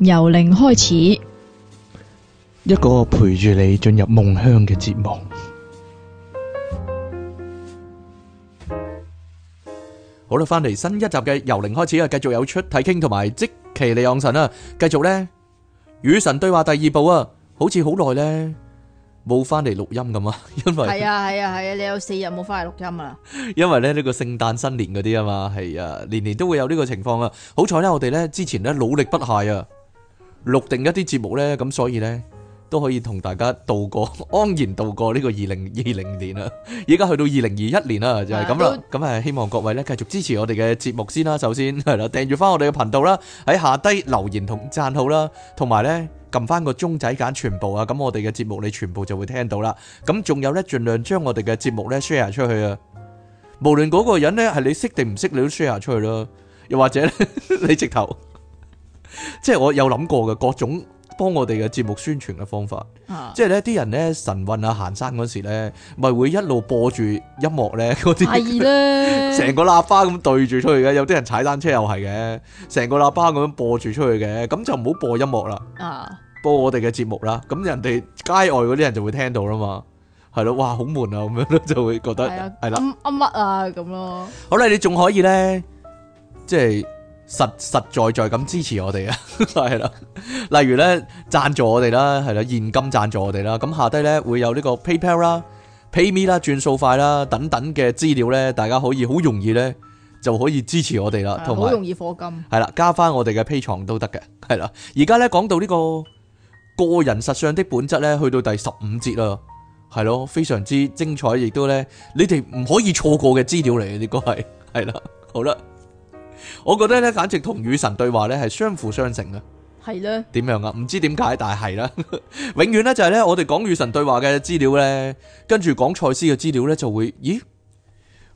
由零開始，一個陪住你進入夢鄉嘅節目。好啦，翻嚟新一集嘅由零開始啊，繼續有出睇傾同埋即期你望神啊，繼續呢與神對話第二部啊，好似好耐呢冇翻嚟錄音咁啊，因為係啊係啊係啊，你有四日冇翻嚟錄音啊，因為呢呢個聖誕新年嗰啲啊嘛，係啊年年都會有呢個情況啊，好彩呢我哋呢之前呢努力不懈啊。錄定一啲節目呢，咁所以呢都可以同大家度過安然度過呢個二零二零年啊！而家去到二零二一年啦，就係咁啦，咁係希望各位呢繼續支持我哋嘅節目先啦。首先係啦，訂閱翻我哋嘅頻道啦，喺下低留言同讚好啦，同埋呢撳翻個鐘仔揀全部啊！咁我哋嘅節目你全部就會聽到啦。咁仲有呢，盡量將我哋嘅節目呢 share 出去啊！無論嗰個人呢係你識定唔識，你都 share 出去啦。又或者你直頭。即係我有諗過嘅各種幫我哋嘅節目宣傳嘅方法。啊、即係咧啲人咧晨運啊行山嗰時咧，咪會一路播住音樂咧嗰啲，係啦，成的 個喇叭咁對住出去嘅，有啲人踩單車又係嘅，成個喇叭咁播住出去嘅，咁就唔好播音樂啦，啊，播我哋嘅節目啦，咁人哋街外嗰啲人就會聽到啦嘛，係咯，哇，好悶啊咁樣， 就會覺得係啦，乜乜、哎、呀了啊咁咯，好啦，你仲可以咧，即係。實實在在咁支持我哋啊，係 啦，例如咧贊助我哋啦，係啦，現金贊助我哋啦，咁下低咧會有呢個 PayPal 啦、PayMe 啦、轉數快啦等等嘅資料咧，大家可以好容易咧就可以支持我哋啦，同埋好容易火金係啦，加翻我哋嘅 Patreon 都得嘅，係啦。而家咧講到呢個個人實相的本質咧，去到第十五節啦，係咯，非常之精彩，亦都咧你哋唔可以錯過嘅資料嚟嘅，呢、這個係係啦，好啦。我覺得咧，簡直同與神對話咧係相輔相成嘅，係啦呢。點樣是是啊？唔知點解，但係係啦。永遠咧就係咧，我哋講與神對話嘅資料咧，跟住講賽斯嘅資料咧，就會咦，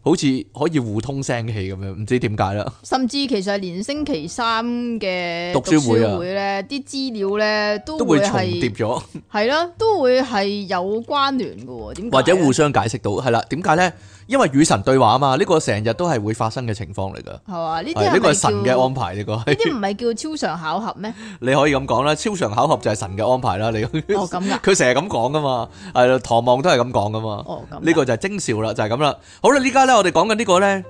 好似可以互通聲氣咁樣，唔知點解啦。甚至其實係連星期三嘅讀書會咧、啊，啲資、啊、料咧都會都會重疊咗，係啦，都會係有關聯嘅。點或者互相解釋到係啦？點解咧？因為與神對話啊嘛，呢、這個成日都係會發生嘅情況嚟噶。係啊、哦，呢啲係呢個神嘅安排，呢個呢啲唔係叫超常巧合咩？ 你可以咁講啦，超常巧合就係神嘅安排啦。你佢成日咁講噶嘛，係啦，唐望都係咁講噶嘛。呢、哦啊、個就係徵兆啦，就係咁啦。好啦，而家呢，我哋講緊呢個呢，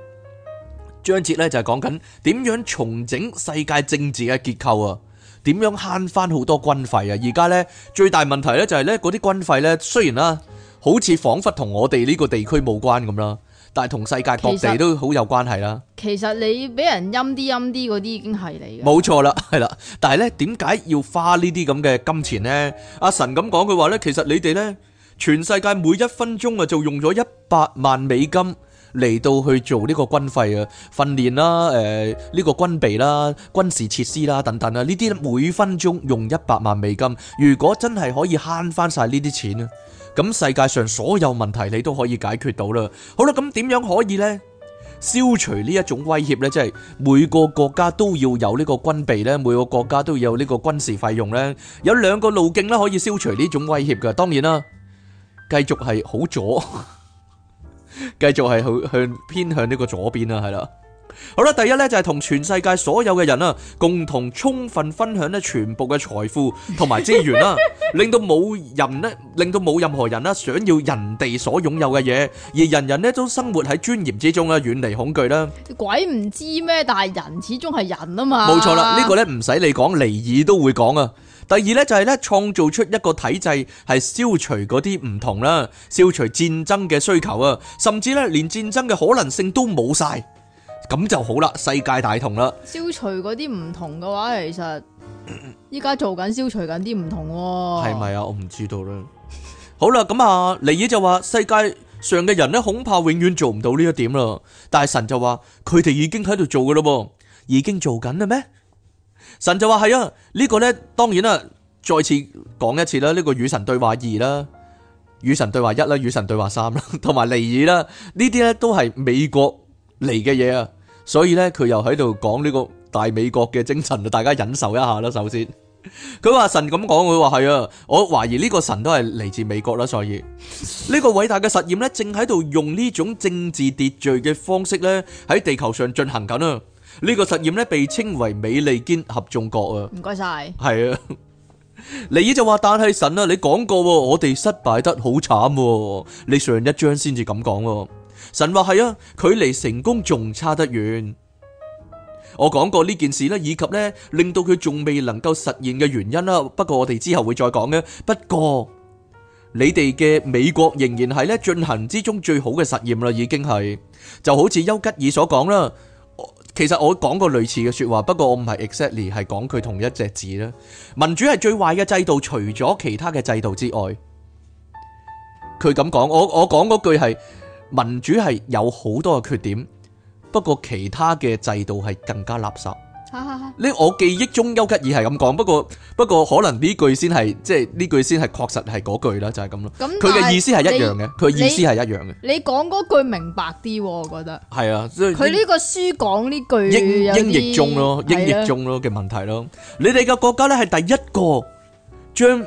章節呢，就係講緊點樣重整世界政治嘅結構啊？點樣慳翻好多軍費啊？而家呢，最大問題呢，就係呢嗰啲軍費呢，雖然啦。好似仿佛同我哋呢個地區冇關咁啦，但係同世界各地都好有關係啦。其實你俾人陰啲陰啲嗰啲已經係你。冇錯啦，係啦。但係呢，點解要花呢啲咁嘅金錢呢？阿神咁講，佢話呢，其實你哋呢，全世界每一分鐘啊就用咗一百萬美金嚟到去做呢個軍費啊訓練啦，誒呢個軍備啦、軍事設施啦等等啊，呢啲每分鐘用一百萬美金。如果真係可以慳翻晒呢啲錢啊！咁世界上所有問題你都可以解決到啦。好啦，咁點樣可以呢？消除呢一種威脅呢，即係每個國家都要有呢個軍備呢，每個國家都要有呢個軍事費用呢。有兩個路徑呢，可以消除呢種威脅噶。當然啦，繼續係好左，繼續係去向偏向呢個左邊啦，係啦。好啦，第一咧就係同全世界所有嘅人啊，共同充分分享咧全部嘅財富同埋資源啦， 令到冇人咧，令到冇任何人啦，想要人哋所擁有嘅嘢，而人人咧都生活喺尊嚴之中啊，遠離恐懼啦。鬼唔知咩，但係人始終係人啊嘛，冇錯啦。呢個咧唔使你講，尼爾都會講啊。第二咧就係咧創造出一個體制係消除嗰啲唔同啦，消除戰爭嘅需求啊，甚至咧連戰爭嘅可能性都冇晒。咁就好啦，世界大同啦。消除嗰啲唔同嘅話，其實依家做緊消除緊啲唔同喎。係咪啊？我唔知道啦。 好啦，咁啊，尼爾就話世界上嘅人咧，恐怕永遠做唔到呢一點啦。但係神就話佢哋已經喺度做噶咯喎，已經做緊啦咩？神就話係啊，呢個咧當然啦，再次講一次啦，呢個與神對話二啦，與神對話一啦，與神對話三啦，同埋尼爾啦，呢啲咧都係美國嚟嘅嘢啊。所以咧，佢又喺度講呢個大美國嘅精神啊，大家忍受一下啦。首先，佢話神咁講，佢話係啊，我懷疑呢個神都係嚟自美國啦。所以呢個偉大嘅實驗呢，正喺度用呢種政治秩序嘅方式呢，喺地球上進行緊啊。呢個實驗呢，被稱為美利堅合眾國啊。唔該晒。係啊，尼爾就話但係神啊，你講過，我哋失敗得好慘，你上一章先至咁講。神話係啊，距離成功仲差得遠。我講過呢件事咧，以及咧令到佢仲未能夠實現嘅原因啦。不過我哋之後會再講嘅。不過你哋嘅美國仍然係咧進行之中最好嘅實驗啦，已經係就好似丘吉爾所講啦。其實我講過類似嘅說話，不過我唔係 exactly 係講佢同一隻字啦。民主係最壞嘅制度，除咗其他嘅制度之外，佢咁講。我我講嗰句係。民主係有好多嘅缺點，不過其他嘅制度係更加垃圾。呢，我記憶中丘吉爾係咁講，不過不過可能呢句先係，即係呢句先係確實係嗰句啦，就係咁咯。佢嘅意思係一樣嘅，佢嘅意思係一樣嘅。你講嗰句明白啲，我覺得係啊。佢呢個書講呢句有啲英譯中咯，英譯中咯嘅問題咯。你哋嘅國家咧係第一個將。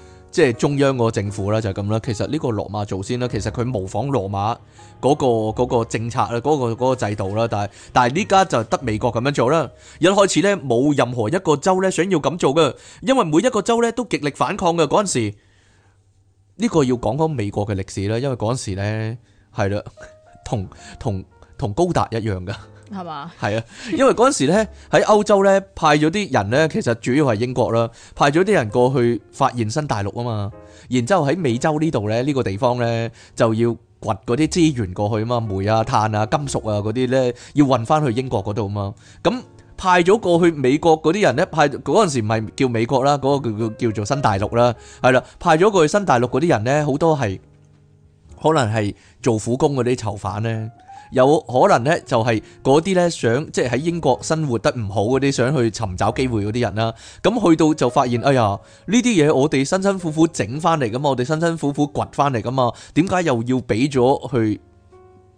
即係中央個政府啦，就係咁啦。其實呢個羅馬做先啦，其實佢模仿羅馬嗰個嗰個政策啦，嗰個嗰個制度啦。但係但係呢家就得美國咁樣做啦。一開始咧冇任何一個州咧想要咁做噶，因為每一個州咧都極力反抗噶。嗰陣時呢個要講講美國嘅歷史啦，因為嗰陣時咧係啦，同同同高達一樣噶。係嘛？係啊是， 因為嗰陣時咧，喺歐洲咧派咗啲人咧，其實主要係英國啦，派咗啲人過去發現新大陸啊嘛。然之後喺美洲呢度咧，呢個地方咧就要掘嗰啲資源過去啊嘛，煤啊、炭啊、金屬啊嗰啲咧要運翻去英國嗰度啊嘛。咁派咗過去美國嗰啲人咧，派嗰陣時唔係叫美國啦，嗰、嗰個叫叫叫做新大陸啦，係啦，派咗過去新大陸嗰啲人咧，好多係可能係做苦工嗰啲囚犯咧。有可能咧就係嗰啲咧想即係喺英國生活得唔好嗰啲，想去尋找機會嗰啲人啦。咁去到就發現，哎呀，呢啲嘢我哋辛辛苦苦整翻嚟噶嘛，我哋辛辛苦苦掘翻嚟噶嘛，點解又要俾咗去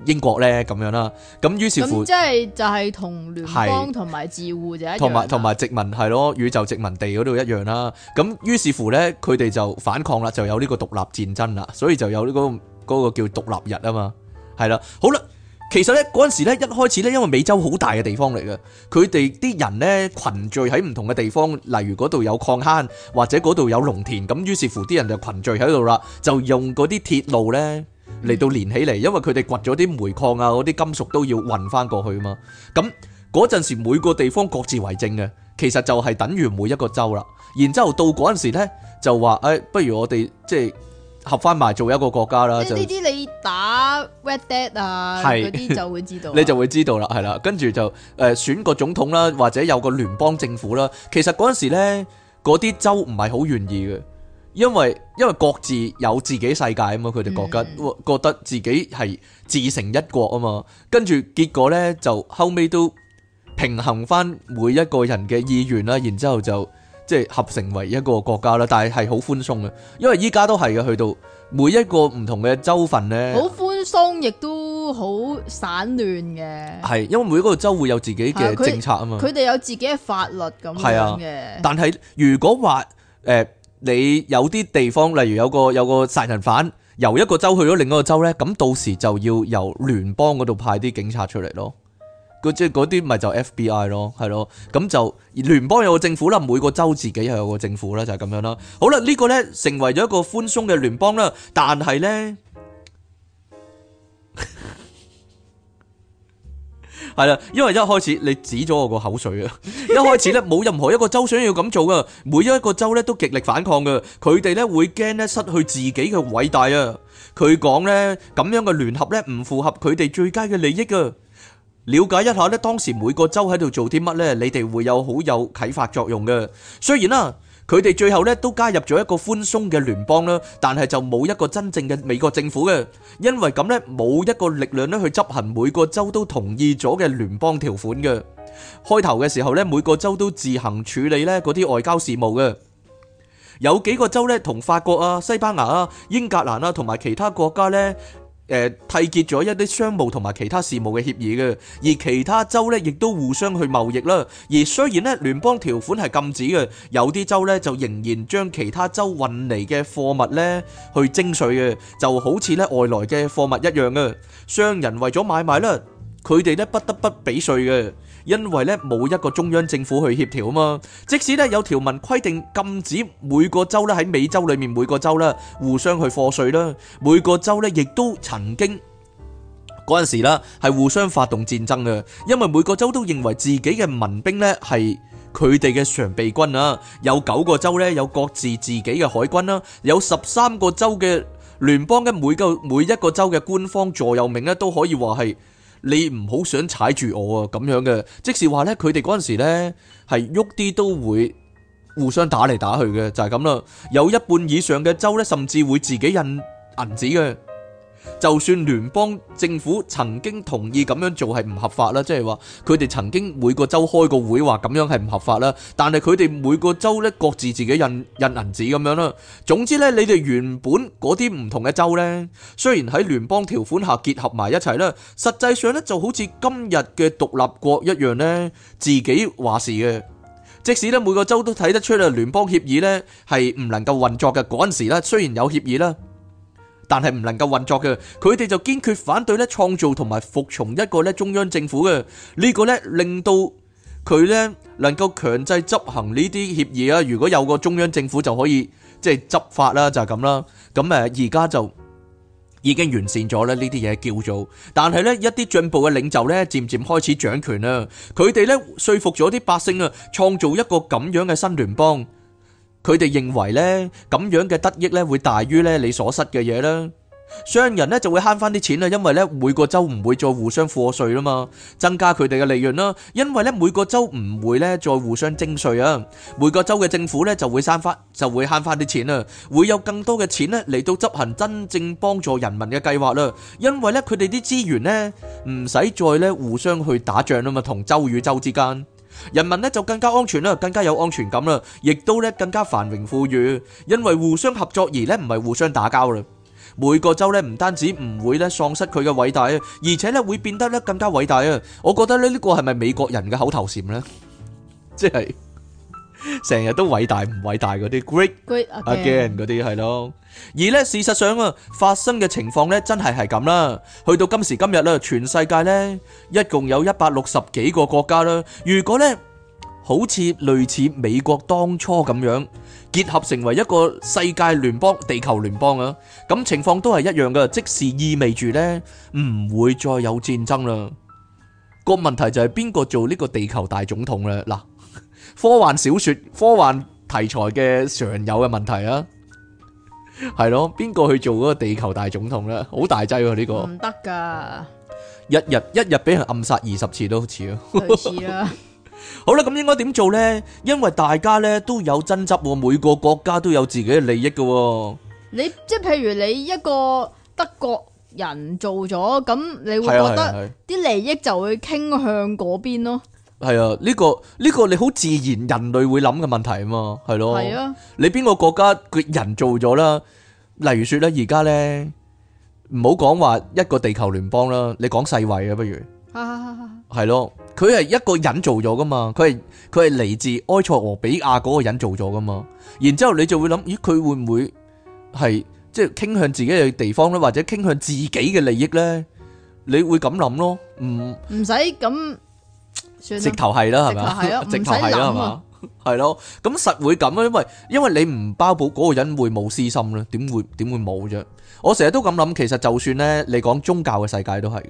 英國咧？咁樣啦，咁於是乎，即係就係同聯邦同埋自治護者，同埋同埋殖民係咯，宇宙殖民地嗰度一樣啦。咁於是乎咧，佢哋就反抗啦，就有呢個獨立戰爭啦，所以就有呢個，嗰個叫獨立日啊嘛，係啦，好啦。其實咧嗰陣時咧一開始咧，因為美洲好大嘅地方嚟嘅，佢哋啲人咧群聚喺唔同嘅地方，例如嗰度有礦坑或者嗰度有農田，咁於是乎啲人就群聚喺度啦，就用嗰啲鐵路咧嚟到連起嚟，因為佢哋掘咗啲煤礦啊，嗰啲金屬都要運翻過去嘛。咁嗰陣時每個地方各自為政嘅，其實就係等於每一個州啦。然之後到嗰陣時咧就話誒、哎，不如我哋即係。合翻埋做一個國家啦，即呢啲你打就 Red Dead 啊，嗰啲是就會知道， 你就會知道啦，係啦，跟住就誒、呃、選個總統啦，或者有個聯邦政府啦。其實嗰陣時咧，嗰啲州唔係好願意嘅，因為因為各自有自己世界啊嘛，佢哋覺得覺得自己係自成一國啊嘛，跟住結果咧就後屘都平衡翻每一個人嘅意願啦，然之後就。即係合成為一個國家啦，但係係好寬鬆嘅，因為依家都係嘅，去到每一個唔同嘅州份呢，好寬鬆亦都好散亂嘅。係，因為每一個州會有自己嘅政策啊嘛，佢哋有自己嘅法律咁樣嘅。係啊。但係如果話誒、呃，你有啲地方，例如有個有個殺人犯由一個州去咗另一個州呢，咁到時就要由聯邦嗰度派啲警察出嚟咯。嗰即係嗰啲咪就 FBI 咯，係咯，咁就聯邦有個政府啦，每個州自己又有個政府啦，就係咁樣啦。好啦，呢個咧成為咗一個寬鬆嘅聯邦啦，但係咧，係啦，因為一開始你指咗我個口水啊！一開始咧冇任何一個州想要咁做噶，每一個州咧都極力反抗噶，佢哋咧會驚咧失去自己嘅偉大啊！佢講咧咁樣嘅聯合咧唔符合佢哋最佳嘅利益啊。了解一下呢，當時每個州喺度做啲乜呢？你哋會有好有啟發作用嘅。雖然啦，佢哋最後呢都加入咗一個寬鬆嘅聯邦啦，但係就冇一個真正嘅美國政府嘅，因為咁呢，冇一個力量呢去執行每個州都同意咗嘅聯邦條款嘅。開頭嘅時候呢，每個州都自行處理呢嗰啲外交事務嘅。有幾個州呢，同法國啊、西班牙啊、英格蘭啊同埋其他國家呢。誒、呃、締結咗一啲商務同埋其他事務嘅協議嘅，而其他州呢亦都互相去貿易啦。而雖然呢聯邦條款係禁止嘅，有啲州呢就仍然將其他州運嚟嘅貨物呢去徵稅嘅，就好似呢外來嘅貨物一樣嘅。商人為咗買賣咧，佢哋呢不得不俾稅嘅。因為咧冇一個中央政府去協調啊嘛，即使咧有條文規定禁止每個州咧喺美洲裏面每個州啦互相去課稅啦，每個州咧亦都曾經嗰陣時啦係互相發動戰爭嘅，因為每個州都認為自己嘅民兵咧係佢哋嘅常備軍啊，有九個州咧有各自自己嘅海軍啦，有十三個州嘅聯邦嘅每個每一個州嘅官方座右銘咧都可以話係。你唔好想踩住我啊！咁樣嘅，即係話咧，佢哋嗰陣時咧係喐啲都會互相打嚟打去嘅，就係咁啦。有一半以上嘅州咧，甚至會自己印銀紙嘅。就算聯邦政府曾經同意咁樣做係唔合法啦，即係話佢哋曾經每個州開個會話咁樣係唔合法啦，但係佢哋每個州呢各自自己印印銀紙咁樣啦。總之呢，你哋原本嗰啲唔同嘅州呢，雖然喺聯邦條款下結合埋一齊啦，實際上呢就好似今日嘅獨立國一樣呢，自己話事嘅。即使呢每個州都睇得出咧聯邦協議呢係唔能夠運作嘅嗰陣時呢，雖然有協議啦。但係唔能夠運作嘅，佢哋就堅決反對咧，創造同埋服從一個咧中央政府嘅呢個咧，令到佢咧能夠強制執行呢啲協議啊。如果有個中央政府就可以即係執法啦，就係咁啦。咁誒，而家就已經完善咗啦，呢啲嘢叫做。但係咧，一啲進步嘅領袖咧，漸漸開始掌權啦。佢哋咧說服咗啲百姓啊，創造一個咁樣嘅新聯邦。佢哋認為呢，咁樣嘅得益呢會大於呢你所失嘅嘢啦。商人呢就會慳翻啲錢啦，因為呢每個州唔會再互相課稅啊嘛，增加佢哋嘅利潤啦。因為呢每個州唔會呢再互相徵稅啊，每個州嘅政府呢就會慳翻就會慳翻啲錢啦，會有更多嘅錢呢嚟到執行真正幫助人民嘅計劃啦。因為呢佢哋啲資源呢唔使再呢互相去打仗啊嘛，同州與州之間。人民咧就更加安全啦，更加有安全感啦，亦都咧更加繁榮富裕，因為互相合作而咧唔係互相打交啦。每個州咧唔單止唔會咧喪失佢嘅偉大啊，而且咧會變得咧更加偉大啊！我覺得咧呢個係咪美國人嘅口頭禪呢？即係。成日都偉大唔偉大嗰啲 Great Again 嗰啲係咯，而咧事實上啊，發生嘅情況咧真係係咁啦。去到今時今日咧，全世界咧一共有一百六十幾個國家啦。如果咧好似類似美國當初咁樣結合成為一個世界聯邦、地球聯邦啊，咁情況都係一樣噶，即使意味住咧唔會再有戰爭啦。個問題就係邊個做呢個地球大總統咧？嗱。科幻小說、科幻題材嘅常有嘅問題啊，係 咯，邊個去做嗰個地球大總統咧？好大劑啊呢、呢個！唔得噶，一日一日俾人暗殺二十次都似咯，似 啦。 好啦，咁應該點做咧？因為大家咧都有爭執，每個國家都有自己嘅利益噶。你即係譬如你一個德國人做咗，咁你會覺得啲利益就會傾向嗰邊咯。係啊，呢個呢個你好自然，人類會諗嘅問題啊嘛，係咯。係啊，你邊個國家嘅人做咗啦？例如說咧，而家咧，唔好講話一個地球聯邦啦，你講世衛啊，不如係咯，佢係一個人做咗噶嘛，佢係佢係嚟自埃塞俄比亞嗰個人做咗噶嘛。然之後你就會諗，咦，佢會唔會係即係傾向自己嘅地方咧，或者傾向自己嘅利益咧？你會咁諗咯，唔唔使咁。直頭係啦，係咪啊？唔使諗啊，係咪啊？係咯，咁實會咁咯，因為因為你唔包保嗰個人會冇私心咧，點會點會冇啫？我成日都咁諗，其實就算咧，你講宗教嘅世界都係嘅，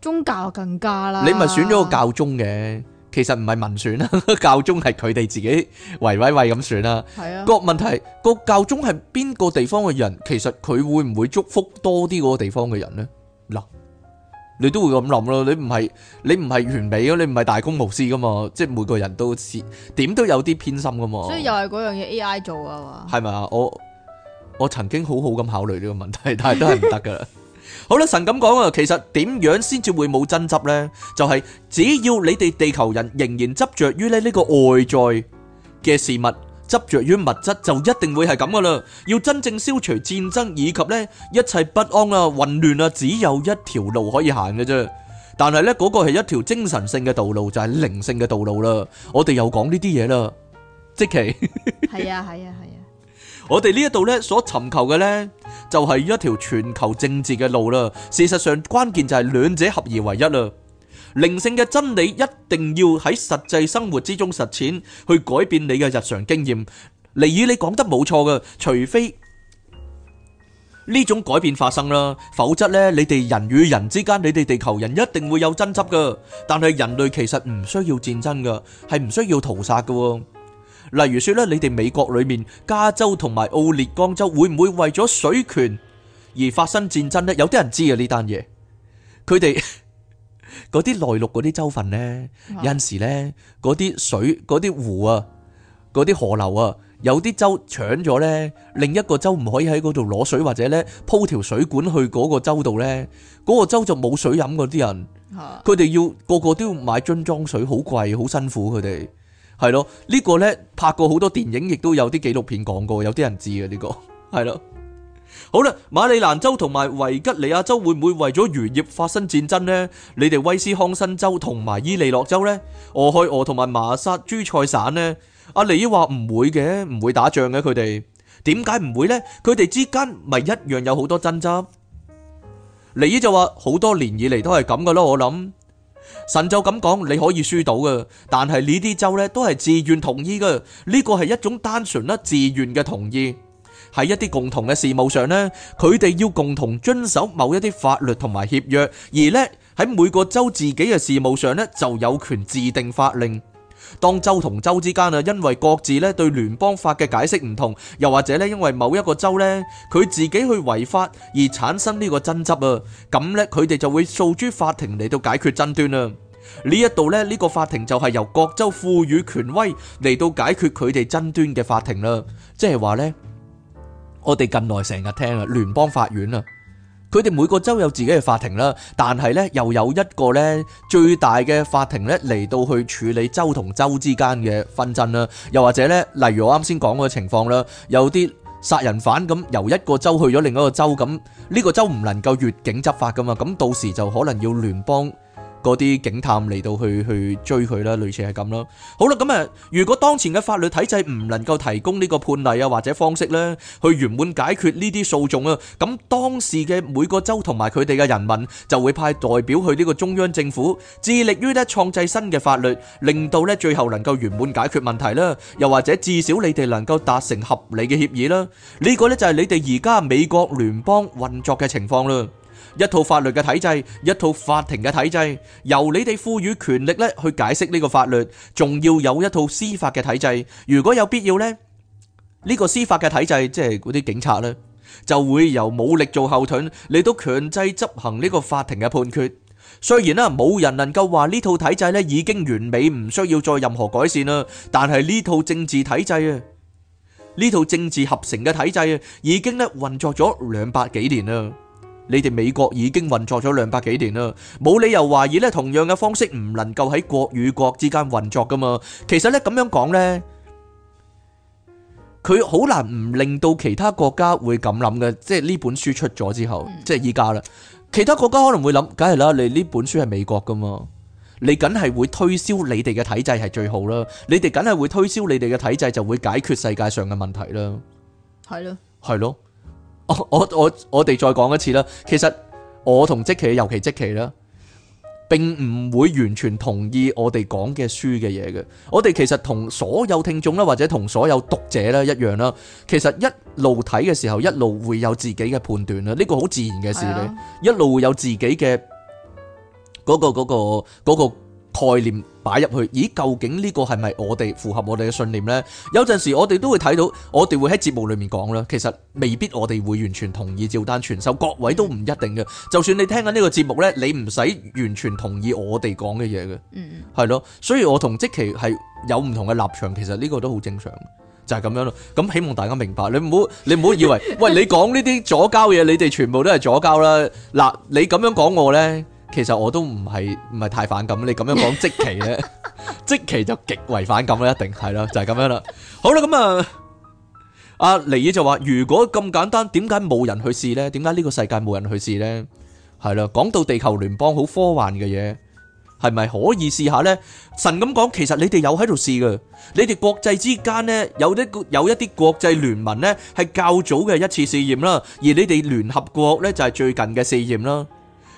宗教更加啦。你咪選咗個教宗嘅，其實唔係民選啦，教宗係佢哋自己喂喂喂咁選啦。係啊。個問題，個教宗係邊個地方嘅人，其實佢會唔會祝福多啲嗰個地方嘅人咧？你都會咁諗咯，你唔係你唔係完美噶你唔係大公無私噶嘛，即係每個人都似點都有啲偏心噶嘛。所以又係嗰樣嘢，AI 做啊嘛。係咪啊？我我曾經好好咁考慮呢個問題，但係都係唔得噶啦。好啦，神咁講啊，其實點樣先至會冇爭執呢？就係只要你哋地球人仍然執着於咧呢個外在嘅事物。執着於物質就一定會係咁噶啦，要真正消除戰爭以及咧一切不安啊混亂啊，只有一條路可以行嘅啫。但係呢嗰、那個係一條精神性嘅道路，就係、是、靈性嘅道路啦。我哋又講呢啲嘢啦，即奇係啊係啊係啊。啊啊我哋呢一度咧所尋求嘅呢，就係、是、一條全球政治嘅路啦。事實上關鍵就係兩者合而為一啦。靈性嘅真理一定要喺實際生活之中實踐，去改變你嘅日常經驗。例如你講得冇錯嘅，除非呢種改變發生啦，否則呢，你哋人與人之間，你哋地球人一定會有爭執噶。但係人類其實唔需要戰爭噶，係唔需要屠殺噶。例如說咧，你哋美國裏面加州同埋奧列岡州會唔會為咗水權而發生戰爭呢？有啲人知啊呢單嘢，佢哋。嗰啲內陸嗰啲州份呢，有陣時呢，嗰啲水、嗰啲湖啊、嗰啲河流啊，有啲州搶咗呢，另一個州唔可以喺嗰度攞水，或者呢鋪條水管去嗰個州度呢。嗰個州就冇水飲，嗰啲人，佢哋要個個都要買樽裝水，好貴，好辛苦佢哋，係咯。呢個呢，拍過好多電影，亦都有啲紀錄片講過，有啲人知㗎，呢個係咯。好啦，馬里蘭州同埋維吉尼亞州會唔會為咗漁業發生戰爭呢？你哋威斯康辛州同埋伊利諾州呢？俄亥俄同埋麻薩諸塞省呢？阿尼爾話唔會嘅，唔會打仗嘅，佢哋點解唔會呢？佢哋之間咪一樣有好多爭執。尼爾就話好多年以嚟都係咁噶咯，我諗神就咁講，你可以輸到嘅。但係呢啲州呢，都係自願同意嘅。呢個係一種單純啦自願嘅同意。喺一啲共同嘅事務上呢，佢哋要共同遵守某一啲法律同埋協約，而呢喺每個州自己嘅事務上呢，就有權自定法令。當州同州之間啊，因為各自呢對聯邦法嘅解釋唔同，又或者呢因為某一個州呢佢自己去違法而產生呢個爭執啊，咁呢佢哋就會訴諸法庭嚟到解決爭端啦。呢一度呢呢個法庭就係由各州賦予權威嚟到解決佢哋爭端嘅法庭啦，即係話呢。我哋近來成日聽啊，聯邦法院啊，佢哋每個州有自己嘅法庭啦，但係呢，又有一個呢最大嘅法庭呢，嚟到去處理州同州之間嘅紛爭啦，又或者呢，例如我啱先講嗰個情況啦，有啲殺人犯咁由一個州去咗另一個州咁，呢個州唔能夠越境執法噶嘛，咁到時就可能要聯邦。嗰啲警探嚟到去去追佢啦，類似係咁啦。好啦，咁啊，如果當前嘅法律體制唔能夠提供呢個判例啊或者方式咧，去圓滿解決呢啲訴訟啊，咁當時嘅每個州同埋佢哋嘅人民就會派代表去呢個中央政府，致力於咧創制新嘅法律，令到咧最後能夠圓滿解決問題啦。又或者至少你哋能夠達成合理嘅協議啦。呢個咧就係你哋而家美國聯邦運作嘅情況啦。一套法律嘅體制，一套法庭嘅體制，由你哋賦予權力咧去解釋呢個法律，仲要有一套司法嘅體制。如果有必要呢，呢個司法嘅體制即係嗰啲警察呢，就會由武力做後盾，嚟到強制執行呢個法庭嘅判決。雖然啦，冇人能夠話呢套體制咧已經完美，唔需要再任何改善啦。但係呢套政治體制啊，呢套政治合成嘅體制已經咧運作咗兩百幾年啦。你哋美國已經運作咗兩百幾年啦，冇理由懷疑咧，同樣嘅方式唔能夠喺國與國之間運作噶嘛？其實咧咁樣講咧，佢好難唔令到其他國家會咁諗嘅。即係呢本書出咗之後，即係依家啦，其他國家可能會諗，梗係啦，你呢本書係美國噶嘛？你梗係會推銷你哋嘅體制係最好啦，你哋梗係會推銷你哋嘅體制就會解決世界上嘅問題啦。係咯，係咯。我我我哋再講一次啦，其實我同積琪尤其積琪啦，並唔會完全同意我哋講嘅書嘅嘢嘅。我哋其實同所有聽眾啦，或者同所有讀者啦一樣啦。其實一路睇嘅時候，一路會有自己嘅判斷啦。呢、這個好自然嘅事你，的一路會有自己嘅嗰、那個、那個、那個那個概念。擺入去，咦？究竟呢個係咪我哋符合我哋嘅信念呢？有陣時我哋都會睇到，我哋會喺節目裏面講啦。其實未必我哋會完全同意照單全收，各位都唔一定嘅。就算你聽緊呢個節目呢，你唔使完全同意我哋講嘅嘢嘅，嗯，係咯。所以我同即其係有唔同嘅立場，其實呢個都好正常，就係、是、咁樣咯。咁希望大家明白，你唔好你唔好以為， 喂，你講呢啲左膠嘢，你哋全部都係左膠啦。嗱，你咁樣講我呢。其實我都唔係唔係太反感，你咁樣講即期咧，即期就極為反感啦，一定係啦，就係咁樣啦。好啦，咁啊，阿尼爾就話：如果咁簡單，點解冇人去試呢？點解呢個世界冇人去試呢？係啦，講到地球聯邦好科幻嘅嘢，係咪可以試下呢？神咁講，其實你哋有喺度試㗎，你哋國際之間呢，有啲有一啲國際聯盟呢，係較早嘅一次試驗啦，而你哋聯合國呢，就係最近嘅試驗啦。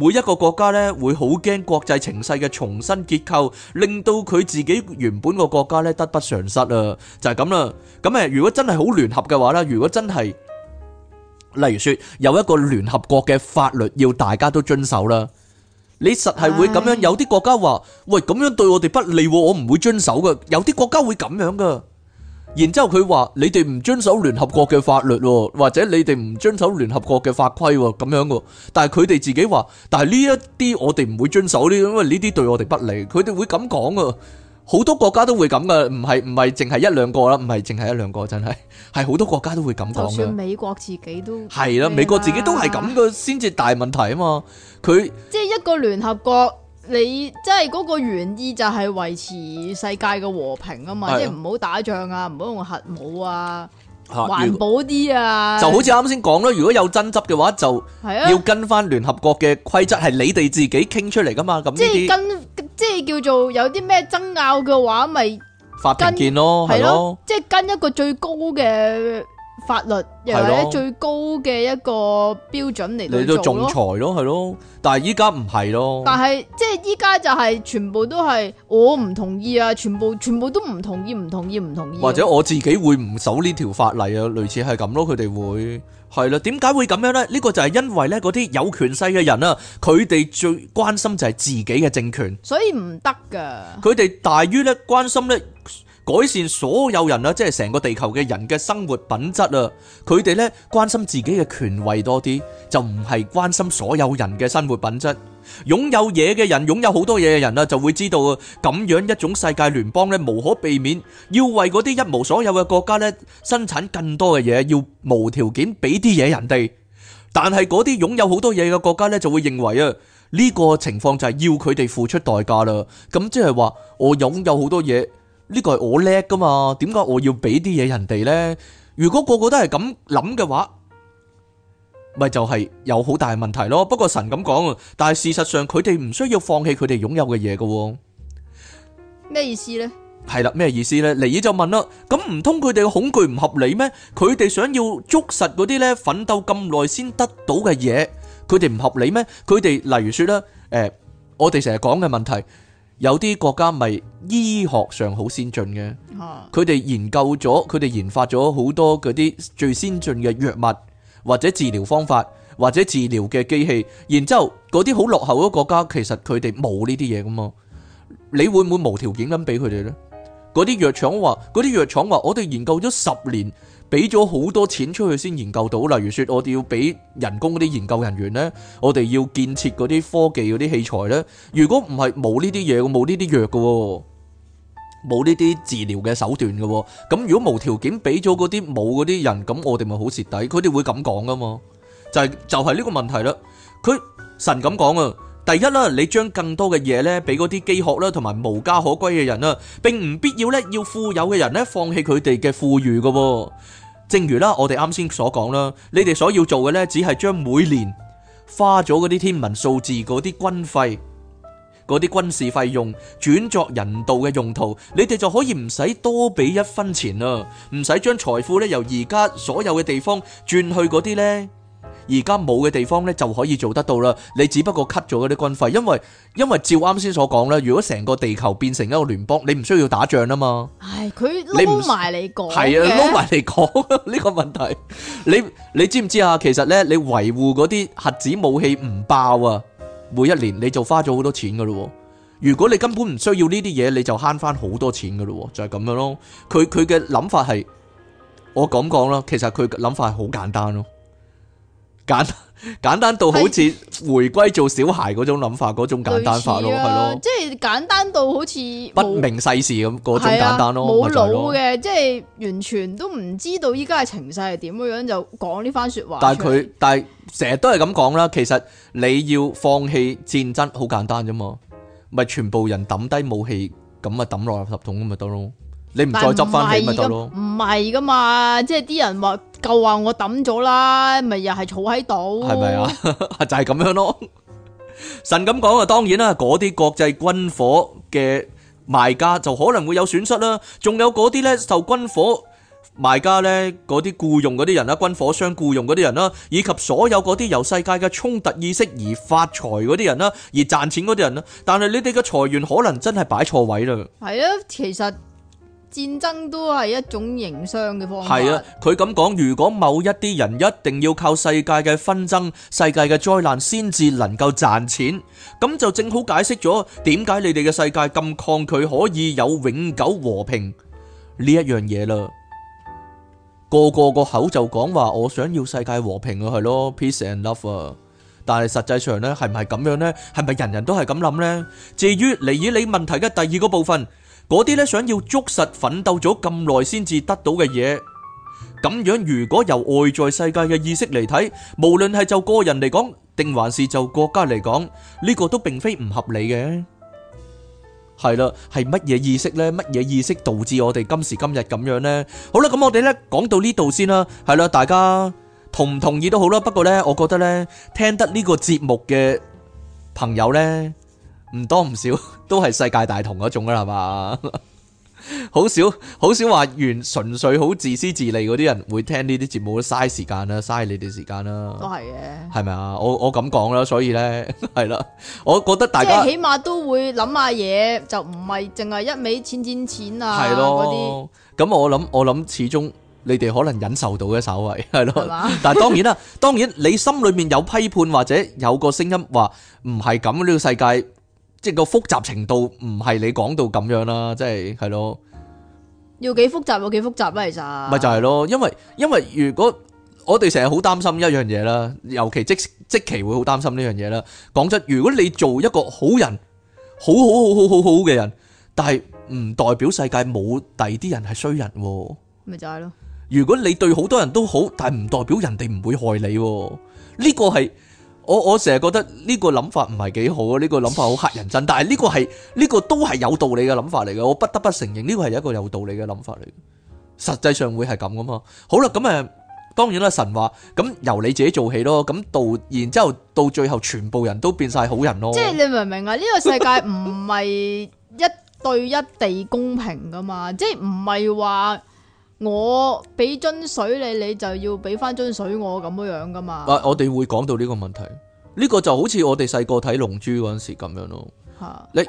每一個國家咧會好驚國際情勢嘅重新結構，令到佢自己原本個國家咧得不償失啊！就係咁啦。咁誒，如果真係好聯合嘅話啦，如果真係，例如説有一個聯合國嘅法律要大家都遵守啦，你實係會咁樣。有啲國家話：「喂，咁樣對我哋不利，我唔會遵守噶。有啲國家會咁樣噶。然之後佢話你哋唔遵守聯合國嘅法律，或者你哋唔遵守聯合國嘅法規咁樣噶。但係佢哋自己話，但係呢一啲我哋唔會遵守呢，因為呢啲對我哋不利。佢哋會咁講噶，好多國家都會咁噶，唔係唔係淨係一兩個啦，唔係淨係一兩個，真係係好多國家都會咁講。就算美國自己都係啦，啊，美國自己都係咁嘅先至大問題啊嘛，佢即係一個聯合國。你即係嗰個原意就係維持世界嘅和平啊嘛，啊即係唔好打仗啊，唔好用核武啊，要環保啲啊，就好似啱先講咯。如果有爭執嘅話，就啊，要跟翻聯合國嘅規則，係你哋自己傾出嚟噶嘛。咁即係跟，即係叫做有啲咩爭拗嘅話跟，咪發脾件咯，係咯，啊，即係，啊，跟一個最高嘅。法律又係最高嘅一個標準嚟到做咯，你做仲裁咯，係咯？但係依家唔係咯。但係即係依家就係全部都係我唔同意啊！全部全部都唔同意，唔同意，唔同意。或者我自己會唔守呢條法例啊？類似係咁咯，佢哋會係啦。點解會咁樣呢？呢個就係因為呢，嗰啲有權勢嘅人啊，佢哋最關心就係自己嘅政權，所以唔得噶。佢哋大於咧關心咧。改善所有人啊，即係成個地球嘅人嘅生活品質啊！佢哋咧，關心自己嘅權威多啲，就唔係關心所有人嘅生活品質。擁有嘢嘅人，擁有好多嘢嘅人啊，就會知道啊，咁樣一種世界聯邦咧，無可避免要為嗰啲一無所有嘅國家咧生產更多嘅嘢，要無條件俾啲嘢人哋。但係嗰啲擁有好多嘢嘅國家咧，就會認為啊，呢個情況就係要佢哋付出代價啦。咁即係話，我擁有好多嘢。呢個係我叻噶嘛？點解我要俾啲嘢人哋咧？如果個個都係咁諗嘅話，咪就係有好大問題咯。不過神咁講，但係事實上佢哋唔需要放棄佢哋擁有嘅嘢噶。咩意思咧？係啦，咩意思咧？尼爾就問啦，咁唔通佢哋嘅恐懼唔合理咩？佢哋想要捉實嗰啲咧，奮鬥咁耐先得到嘅嘢，佢哋唔合理咩？佢哋例如說咧，誒，我哋成日講嘅問題。有啲國家咪醫學上好先進嘅，佢哋、啊、研究咗，佢哋研發咗好多嗰啲最先進嘅藥物或者治療方法或者治療嘅機器，然之後嗰啲好落後嘅國家其實佢哋冇呢啲嘢噶嘛，你會唔會無條件咁俾佢哋呢？啲藥廠話，嗰啲藥廠話，我哋研究咗十年。俾咗好多錢出去先研究到，例如説我哋要俾人工嗰啲研究人員咧，我哋要建設嗰啲科技嗰啲器材咧，如果唔係冇呢啲嘢，冇呢啲藥嘅，冇呢啲治療嘅手段嘅，咁如果無條件俾咗嗰啲冇嗰啲人，咁我哋咪好蝕底，佢哋會咁講噶嘛？就係就係呢個問題啦，佢神咁講啊！第一啦，你將更多嘅嘢咧，俾嗰啲飢渴啦，同埋無家可歸嘅人啊，並唔必要咧，要富有嘅人咧放棄佢哋嘅富裕噶。正如啦，我哋啱先所講啦，你哋所要做嘅咧，只係將每年花咗嗰啲天文數字嗰啲軍費、嗰啲軍事費用轉作人道嘅用途，你哋就可以唔使多俾一分錢啊，唔使將財富咧由而家所有嘅地方轉去嗰啲咧。而家冇嘅地方咧，就可以做得到啦。你只不過 cut 咗嗰啲軍費，因為因為照啱先所講咧，如果成個地球變成一個聯邦，你唔需要打仗啊嘛。唉，佢撈埋你講，係啊不，撈埋你講呢 個問題。你你知唔知啊？其實咧，你維護嗰啲核子武器唔爆啊，每一年你就花咗好多錢噶咯。如果你根本唔需要呢啲嘢，你就慳翻好多錢噶咯。就係、是、咁樣咯。佢佢嘅諗法係，我咁講咯。其實佢嘅諗法係好簡單咯。簡單簡單到好似回歸做小孩嗰種諗法，嗰是種簡單法，啊，咯，係咯，即係簡單到好似不明世事咁嗰種簡單咯，冇腦嘅，就是就是即係完全都唔知道依家嘅情勢係點樣，就講呢番說話。但但係佢，但係成日都係咁講啦。其實你要放棄戰爭好簡單啫嘛，咪全部人抌低武器，咁咪抌落垃圾桶咁咪得咯，你唔再執翻起咪得咯？唔係噶嘛，即係啲人話。夠話我抌咗啦，咪又係儲喺度，係咪啊？是是啊 就係咁樣咯、啊。神咁講啊，當然啦，嗰啲國際軍火嘅賣家就可能會有損失啦。仲有嗰啲呢，受軍火賣家呢，嗰啲僱傭嗰啲人啦，軍火商僱傭嗰啲人啦，以及所有嗰啲由世界嘅衝突意識而發財嗰啲人啦，而賺錢嗰啲人啦。但係你哋嘅財源可能真係擺錯位啦。係啊，其實。戰爭都係一種營商嘅方法。係啊，佢咁講，如果某一啲人一定要靠世界嘅紛爭、世界嘅災難先至能夠賺錢，咁就正好解釋咗點解你哋嘅世界咁抗拒可以有永久和平呢一樣嘢啦。個個個口就講話我想要世界和平啊，係咯，Peace and Love 啊，但係實際上咧，係唔係咁樣咧？係咪人人都係咁諗咧？至於嚟於你問題嘅第二個部分。嗰啲咧想要捉實奮鬥咗咁耐先至得到嘅嘢，咁樣如果由外在世界嘅意識嚟睇，無論係就個人嚟講，定還是就國家嚟講，呢個都並非唔合理嘅。係啦，係乜嘢意識呢？乜嘢意識導致我哋今時今日咁樣呢？好啦，咁我哋咧講到呢度先啦。係啦，大家同唔同意都好啦。不過呢，我覺得呢，聽得呢個節目嘅朋友呢，唔多唔少，都係世界大同嗰種啦，係嘛？好少好少話完純粹好自私自利嗰啲人會聽呢啲節目，嘥時間啦，嘥你哋時間啦。都係嘅，係咪啊？我我咁講啦，所以咧係啦，我覺得大家起碼都會諗下嘢，就唔係淨係一味錢錢錢啊，係咯嗰啲。咁我諗我諗，始終你哋可能忍受到嘅稍微係咯，但係當然啦，當然你心裏面有批判或者有個聲音話唔係咁呢個世界。即係個複雜程度唔係你講到咁樣啦，即係係咯，要幾複雜有幾複雜啦，其實。咪就係咯，因為因為如果我哋成日好擔心一樣嘢啦，尤其即即期會好擔心呢樣嘢啦。講真如果你做一個好人，好好好好好好嘅人，但係唔代表世界冇第二啲人係衰人，咪就係咯。如果你對好多人都好，但係唔代表人哋唔會害你，呢個係。我我成日覺得呢個諗法唔係幾好啊！呢個諗法好嚇人憎，但係呢個係呢個都係有道理嘅諗法嚟嘅。我不得不承認，呢個係一個有道理嘅諗法嚟嘅。實際上會係咁噶嘛？好啦，咁誒當然啦，神話咁由你自己做起咯。咁到然之後，到最後全部人都變曬好人咯。即係你明唔明啊？呢個世界唔係一對一地公平噶嘛，即係唔係話。我俾樽水你，你就要俾翻樽水我咁樣樣噶嘛。啊，我哋會講到呢個問題，呢個就好似我哋細個睇龍珠嗰陣時咁樣咯。吓，你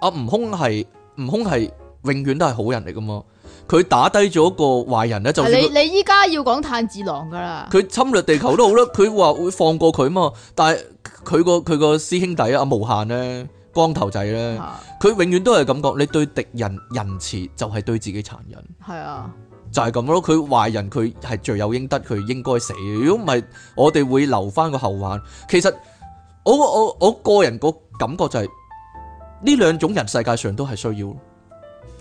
阿悟空係悟空係永遠都係好人嚟噶嘛？佢打低咗個壞人咧，就你你依家要講炭治郎噶啦。佢侵略地球都好啦，佢話會放過佢嘛。但係佢個佢個師兄弟啊，阿無限咧。光頭仔咧，佢永遠都係咁講，你對敵人仁慈，就係對自己殘忍。係啊，就係咁咯。佢壞人，佢係罪有應得，佢應該死。如果唔係，我哋會留翻個後患。其實我我我個人個感覺就係呢兩種人，世界上都係需要，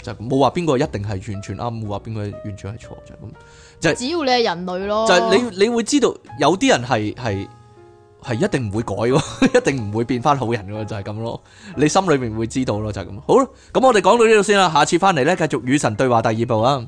就冇話邊個一定係完全啱，冇話邊個完全係錯就咁。就是就是，只要你係人類咯，就你你會知道有啲人係係。係一定唔會改噶， 一定唔會變翻好人噶，就係咁咯。你心裏面會知道咯，就係咁。好啦，咁我哋講到呢度先啦，下次翻嚟咧，繼續與神對話第二部啊。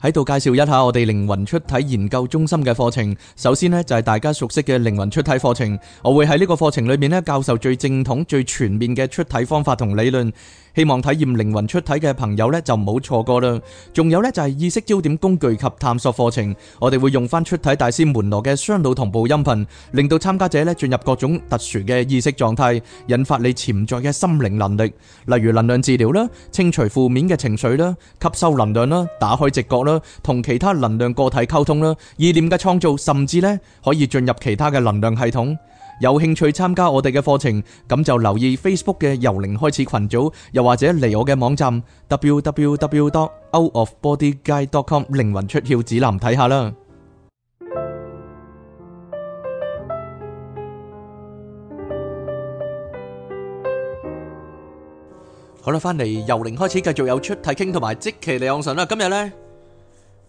喺度介紹一下我哋靈魂出體研究中心嘅課程。首先呢，就係大家熟悉嘅靈魂出體課程，我會喺呢個課程裏面呢，教授最正統、最全面嘅出體方法同理論。希望體驗靈魂出體嘅朋友咧就唔好錯過啦！仲有咧就係意識焦點工具及探索課程，我哋會用翻出體大師門羅嘅雙腦同步音頻，令到參加者咧進入各種特殊嘅意識狀態，引發你潛在嘅心靈能力，例如能量治療啦、清除負面嘅情緒啦、吸收能量啦、打開直覺啦、同其他能量個體溝通啦、意念嘅創造，甚至咧可以進入其他嘅能量系統。有興趣參加我哋嘅課程，咁就留意 Facebook 嘅由零開始群組，又或者嚟我嘅網站 www dot out of body guide dot com 靈魂出竅指南睇下啦。好啦，翻嚟由零開始，繼續有出題傾同埋即期李昂臣啦。今日呢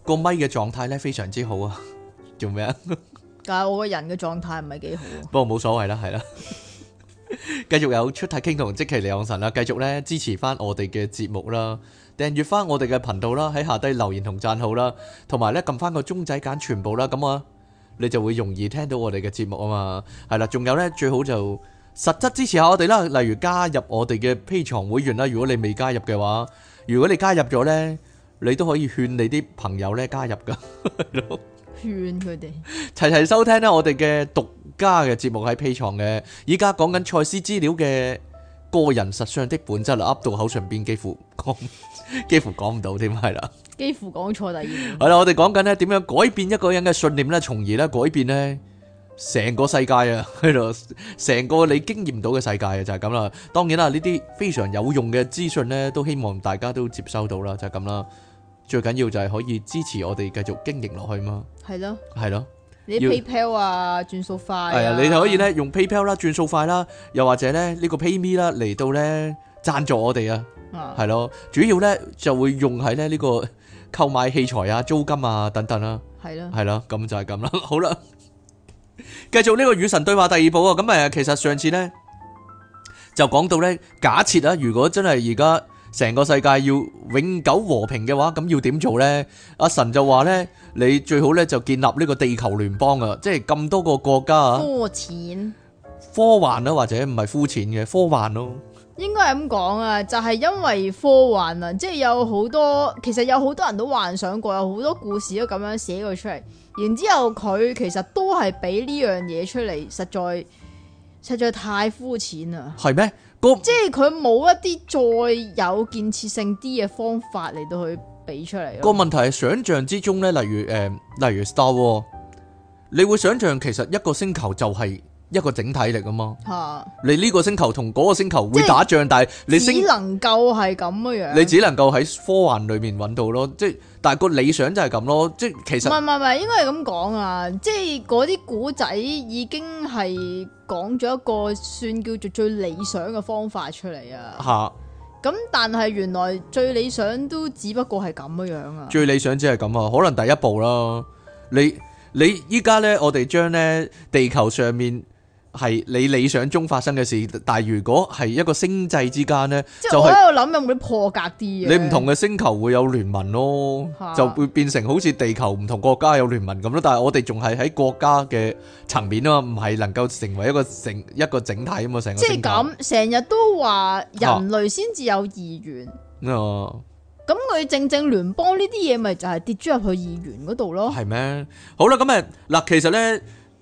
個咪嘅狀態呢非常之好啊，做咩啊？但係我個人嘅狀態唔係幾好，不過冇所謂啦，係啦，繼 續有出體傾同即期李望神啦，繼續咧支持翻我哋嘅節目啦，訂閱翻我哋嘅頻道啦，喺下低留言同讚好啦，同埋咧撳翻個鐘仔揀全部啦，咁啊你就會容易聽到我哋嘅節目啊嘛，係啦，仲有咧最好就實質支持下我哋啦，例如加入我哋嘅 Patreon 會員啦，如果你未加入嘅話，如果你加入咗咧，你都可以勸你啲朋友咧加入噶， 勸佢哋齊齊收聽咧，我哋嘅獨家嘅節目喺 P 床嘅，依家講緊賽斯資料嘅個人實相的本質啦，噏到口上邊幾，幾乎講幾乎講唔到，點解啦？幾乎講錯第二。係啦、 嗯嗯嗯，我哋講緊咧，點樣改變一個人嘅信念咧，從而咧改變咧成個世界啊，喺度成個你經驗到嘅世界啊，就係咁啦。當然啦，呢啲非常有用嘅資訊咧，都希望大家都接收到啦，就係咁啦。最緊要就係可以支持我哋繼續經營落去嘛，係咯的，係咯，你 PayPal 啊，轉數快，係啊，你就可以咧用 PayPal 啦，轉數快啦，又或者咧呢個 PayMe 啦、啊、嚟到咧贊助我哋啊，係咯、啊，主要咧就會用喺咧呢個購買器材啊、租金啊等等啦、啊，係啦的，係啦，咁就係咁啦， 好啦，繼續呢個與神對話第二部啊，咁誒，其實上次咧就講到咧假設啊，如果真係而家。成個世界要永久和平嘅話，咁要點做呢？阿神就話呢，你最好呢就建立呢個地球聯邦啊！即係咁多個國家啊，膚淺科幻？科幻啊，或者唔係膚淺嘅科幻咯。應該係咁講啊，就係因為科幻啊，即係有好多，其實有好多人都幻想過，有好多故事都咁樣寫過出嚟。然之後佢其實都係俾呢樣嘢出嚟，實在實在太膚淺啦。係咩？那即係佢冇一啲再有建設性啲嘅方法嚟到去俾出嚟。個問題係想象之中咧，例如誒、呃，例如 Star Wars，你會想象其實一個星球就係、是。一個整體嚟㗎嘛，吓，你呢個星球同嗰個星球會打仗，但係你只能夠係咁樣，你只能夠喺科幻裏面揾到咯，即係，但係個理想就係咁咯，即係其實唔係唔係唔係，應該係咁講啊，即係嗰啲古仔已經係講咗一個算叫做最理想嘅方法出嚟啊，吓，咁但係原來最理想都只不過係咁樣啊，最理想只係咁啊，可能第一步啦，你你依家咧，我哋將咧地球上面。係你理想中發生嘅事，但係如果係一個星際之間咧，就喺度諗有冇啲破格啲嘢？你唔同嘅星球會有聯盟咯，哈就會變成好似地球唔同國家有聯盟咁咯。但係我哋仲係喺國家嘅層面啊嘛，唔係能夠成為一個整一個整體啊嘛，成。即係咁，成日都話人類先至有議員，咁佢哈正正聯邦呢啲嘢，咪就係跌咗入去議員嗰度咯。係咩？好啦，咁啊嗱，其實咧。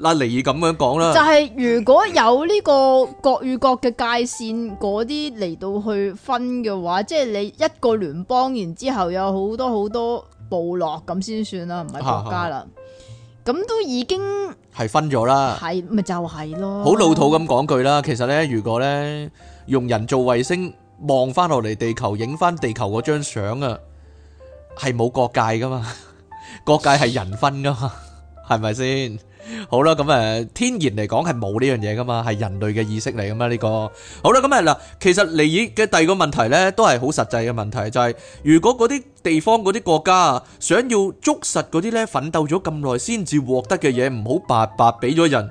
嗱，你咁樣講啦，就係如果有呢個國與國嘅界線嗰啲嚟，到去分嘅話，即係你一個聯邦，然之後有好多好多部落咁先算啦，唔係國家啦。咁哈都已經係分咗啦，係咪就係咯？好老土咁講句啦，其實呢，如果呢，用人造衛星望翻落嚟，地球，影翻地球嗰張相啊，係冇國界噶嘛，國界係人分噶嘛，係咪先？好啦，咁、嗯、誒，天然嚟講係冇呢樣嘢噶嘛，係人類嘅意識嚟噶嘛呢、這個。好啦，咁誒嗱，其實尼爾嘅第二個問題呢，都係好實際嘅問題，就係、是、如果嗰啲地方、嗰啲國家啊，想要捉實嗰啲呢，奮鬥咗咁耐先至獲得嘅嘢，唔好白白俾咗人。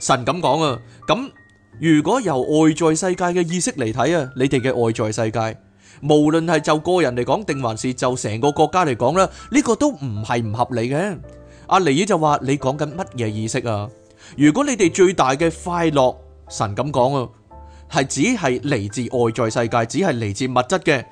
神咁講啊，咁、嗯、如果由外在世界嘅意識嚟睇啊，你哋嘅外在世界，無論係就個人嚟講定還是就成個國家嚟講啦，呢、這個都唔係唔合理嘅。阿尼爾就話：你講緊乜嘢意識啊？如果你哋最大嘅快樂，神咁講啊，係只係嚟自外在世界，只係嚟自物質嘅，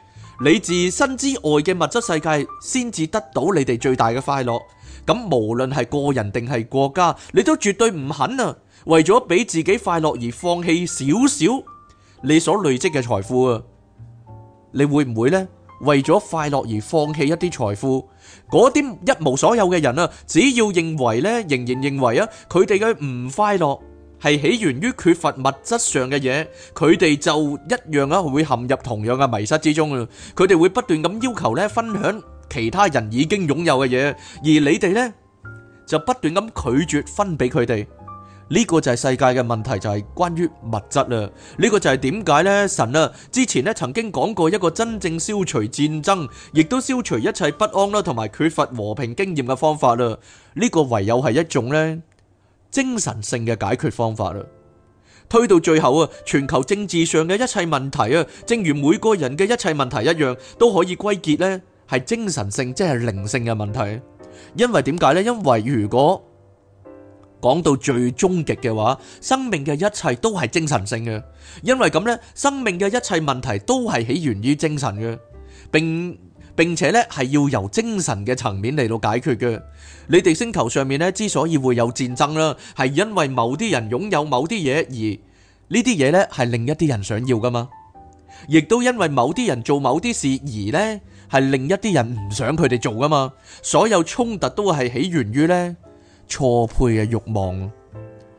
你自身之外嘅物質世界先至得到你哋最大嘅快樂。咁無論係個人定係國家，你都絕對唔肯啊！為咗俾自己快樂而放棄少少你所累積嘅財富啊！你會唔會呢？」為咗快樂而放棄一啲財富，嗰啲一無所有嘅人啊，只要認為咧，仍然認為啊，佢哋嘅唔快樂係起源於缺乏物質上嘅嘢，佢哋就一樣啊，會陷入同樣嘅迷失之中啊！佢哋會不斷咁要求咧，分享其他人已經擁有嘅嘢，而你哋咧，就不斷咁拒絕分俾佢哋。呢個就係世界嘅問題，就係關於物質啦。呢個就係點解呢？神啊，之前呢曾經講過一個真正消除戰爭，亦都消除一切不安啦，同埋缺乏和平經驗嘅方法啦。呢個唯有係一種呢，精神性嘅解決方法啦。推到最後啊，全球政治上嘅一切問題啊，正如每個人嘅一切問題一樣，都可以歸結呢係精神性，即係靈性嘅問題。因為點解呢？因為如果講到最終極嘅話，生命嘅一切都係精神性嘅，因為咁呢，生命嘅一切問題都係起源於精神嘅，並並且呢係要由精神嘅層面嚟到解決嘅。你哋星球上面呢，之所以會有戰爭啦，係因為某啲人擁有某啲嘢，而呢啲嘢呢係另一啲人想要噶嘛，亦都因為某啲人做某啲事，而呢係另一啲人唔想佢哋做噶嘛，所有衝突都係起源於呢。錯配嘅慾望咯，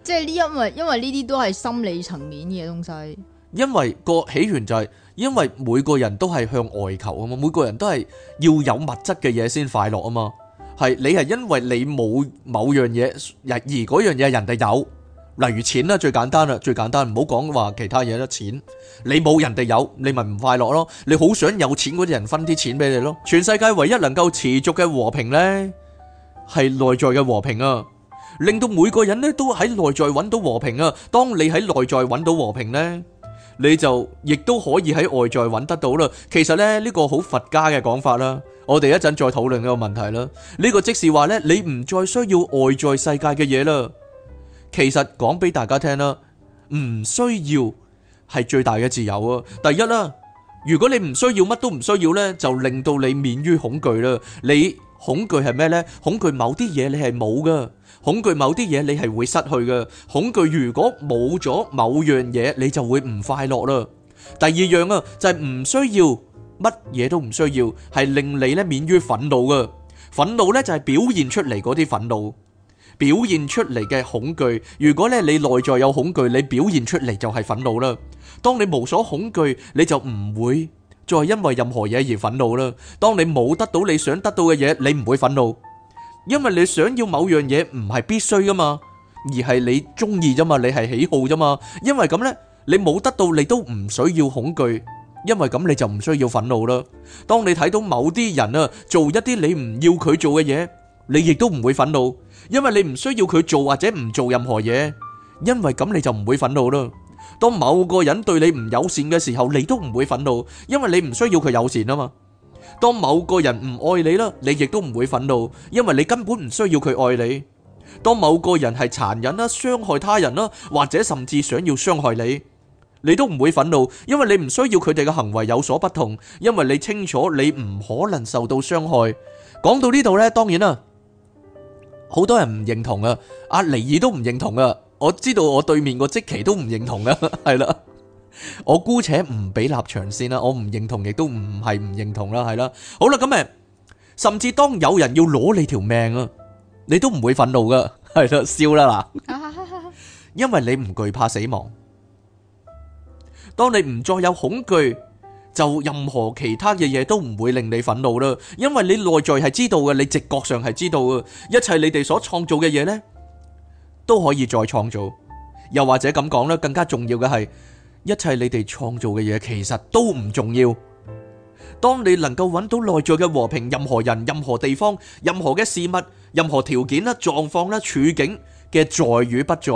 即係呢，因為因為呢啲都係心理層面嘅東西。因為個起源就係因為每個人都係向外求啊嘛，每個人都係要有物質嘅嘢先快樂啊嘛。係你係因為你冇某樣嘢，而而嗰樣嘢人哋有，例如錢啦，最簡單啦，最簡單，唔好講話其他嘢啦，錢，你冇人哋有，你咪唔快樂咯。你好想有錢嗰啲人分啲錢俾你咯。全世界唯一能夠持續嘅和平呢。係內在嘅和平啊，令到每個人咧都喺內在揾到和平啊。當你喺內在揾到和平呢，你就亦都可以喺外在揾得到啦。其實咧呢個好佛家嘅講法啦，我哋一陣再討論呢個問題啦。呢個即是話呢，你唔再需要外在世界嘅嘢啦。其實講俾大家聽啦，唔需要係最大嘅自由啊。第一啦，如果你唔需要乜都唔需要呢，就令到你免於恐懼啦。你恐懼係咩呢？恐懼某啲嘢你係冇噶，恐懼某啲嘢你係會失去噶，恐懼如果冇咗某樣嘢，你就會唔快樂啦。第二樣啊，就係唔需要乜嘢都唔需要，係令你咧免於憤怒噶。憤怒咧就係表現出嚟嗰啲憤怒，表現出嚟嘅恐懼。如果咧你內在有恐懼，你表現出嚟就係憤怒啦。當你無所恐懼，你就唔會。就係因為任何嘢而憤怒啦。當你冇得到你想得到嘅嘢，你唔會憤怒，因為你想要某樣嘢唔係必須㗎嘛，而係你中意啫嘛，你係喜好啫嘛。因為咁呢，你冇得到你都唔需要恐懼，因為咁你就唔需要憤怒啦。當你睇到某啲人啊做一啲你唔要佢做嘅嘢，你亦都唔會憤怒，因為你唔需要佢做或者唔做任何嘢，因為咁你就唔會憤怒啦。當某個人對你唔友善嘅時候，你都唔會憤怒，因為你唔需要佢友善啊嘛。當某個人唔愛你啦，你亦都唔會憤怒，因為你根本唔需要佢愛你。當某個人係殘忍啦、傷害他人啦，或者甚至想要傷害你，你都唔會憤怒，因為你唔需要佢哋嘅行為有所不同，因為你清楚你唔可能受到傷害。講到呢度呢，當然啦，好多人唔認同啊，阿尼爾都唔認同啊。我知道我對面個積奇都唔認同嘅，係啦，我姑且唔俾立場先啦，我唔認同亦都唔係唔認同啦，係啦，好啦，咁咪甚至當有人要攞你條命啊，你都唔會憤怒噶，係咯，笑啦嗱，因為你唔懼怕死亡，當你唔再有恐懼，就任何其他嘅嘢都唔會令你憤怒啦，因為你內在係知道嘅，你直覺上係知道嘅，一切你哋所創造嘅嘢咧。都可以再創造，又或者咁講咧，更加重要嘅係一切你哋創造嘅嘢，其實都唔重要。當你能夠揾到內在嘅和平，任何人、任何地方、任何嘅事物、任何條件啦、狀況啦、處境嘅在與不在，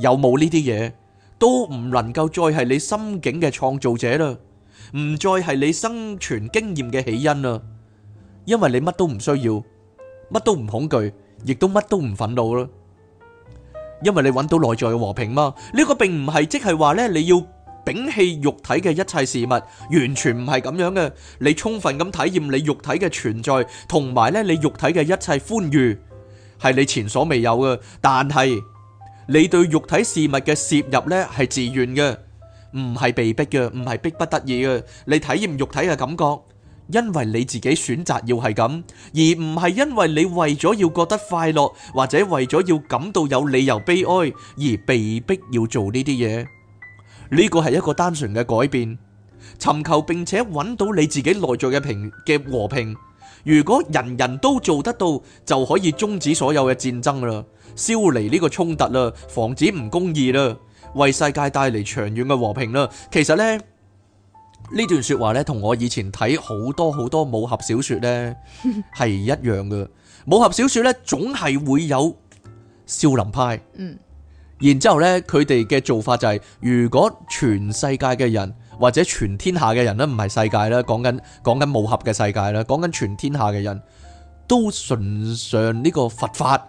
有冇呢啲嘢，都唔能夠再係你心境嘅創造者啦，唔再係你生存經驗嘅起因啦，因為你乜都唔需要，乜都唔恐懼，亦都乜都唔憤怒啦。因為你揾到內在嘅和平嘛，呢個並唔係即係話咧，你要摒棄肉體嘅一切事物，完全唔係咁樣嘅。你充分咁體驗你肉體嘅存在，同埋咧你肉體嘅一切歡愉，係你前所未有嘅。但係你對肉體事物嘅涉入咧，係自願嘅，唔係被逼嘅，唔係逼不得已嘅。你體驗肉體嘅感覺。因為你自己選擇要係咁，而唔係因為你為咗要覺得快樂，或者為咗要感到有理由悲哀而被迫要做呢啲嘢。呢個係一個單純嘅改變，尋求並且揾到你自己內在嘅平嘅和平。如果人人都做得到，就可以終止所有嘅戰爭啦，消弭呢個衝突啦，防止唔公義啦，為世界帶嚟長遠嘅和平啦。其實呢。呢段說話咧，同我以前睇好多好多武俠小說呢係一樣嘅。武俠小說呢總係會有少林派，嗯，然之後咧，佢哋嘅做法就係，如果全世界嘅人或者全天下嘅人咧，唔係世界啦，講緊講緊武俠嘅世界啦，講緊全天下嘅人都崇尚呢個佛法，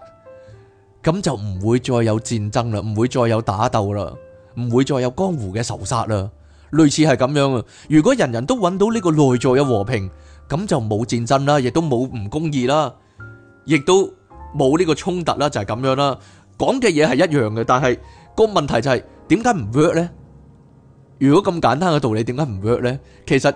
咁就唔會再有戰爭啦，唔會再有打鬥啦，唔會再有江湖嘅仇殺啦。類似係咁樣啊！如果人人都揾到呢個內在嘅和平，咁就冇戰爭啦，亦都冇唔公義啦，亦都冇呢個衝突啦，就係咁樣啦。講嘅嘢係一樣嘅，但係個問題就係點解唔 work 呢？如果咁簡單嘅道理，點解唔 work 呢？其實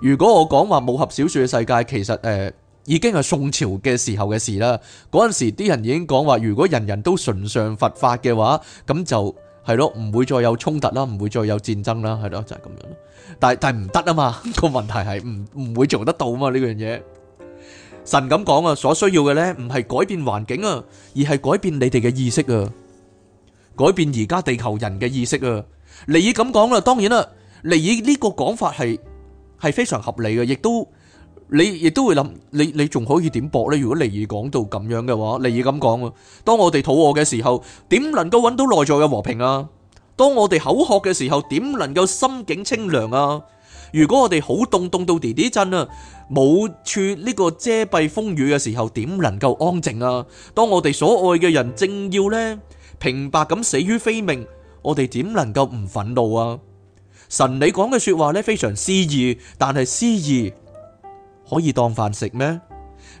如果我講話武俠小說嘅世界，其實誒已經係宋朝嘅時候嘅事啦。嗰陣時啲人已經講話，如果人人都崇尚佛法嘅話，咁就。係咯，唔會再有衝突啦，唔會再有戰爭啦，係咯，就係咁樣。但係但係唔得啊嘛，個問題係唔唔會做得到啊嘛呢樣嘢。神咁講啊，所需要嘅呢唔係改變環境啊，而係改變你哋嘅意識啊，改變而家地球人嘅意識啊。你咁講啦，當然啦，你呢個講法係係非常合理嘅，亦都。你亦都會諗，你你仲可以點駁呢？如果利爾講到咁樣嘅話，利爾咁講啊！當我哋肚餓嘅時候，點能夠揾到內在嘅和平啊？當我哋口渴嘅時候，點能夠心境清涼啊？如果我哋好凍凍到跌跌震啊，冇處呢個遮蔽風雨嘅時候，點能夠安靜啊？當我哋所愛嘅人正要呢平白咁死於非命，我哋點能夠唔憤怒啊？神，你講嘅說話呢，非常詩意，但係詩意，可以當飯食咩？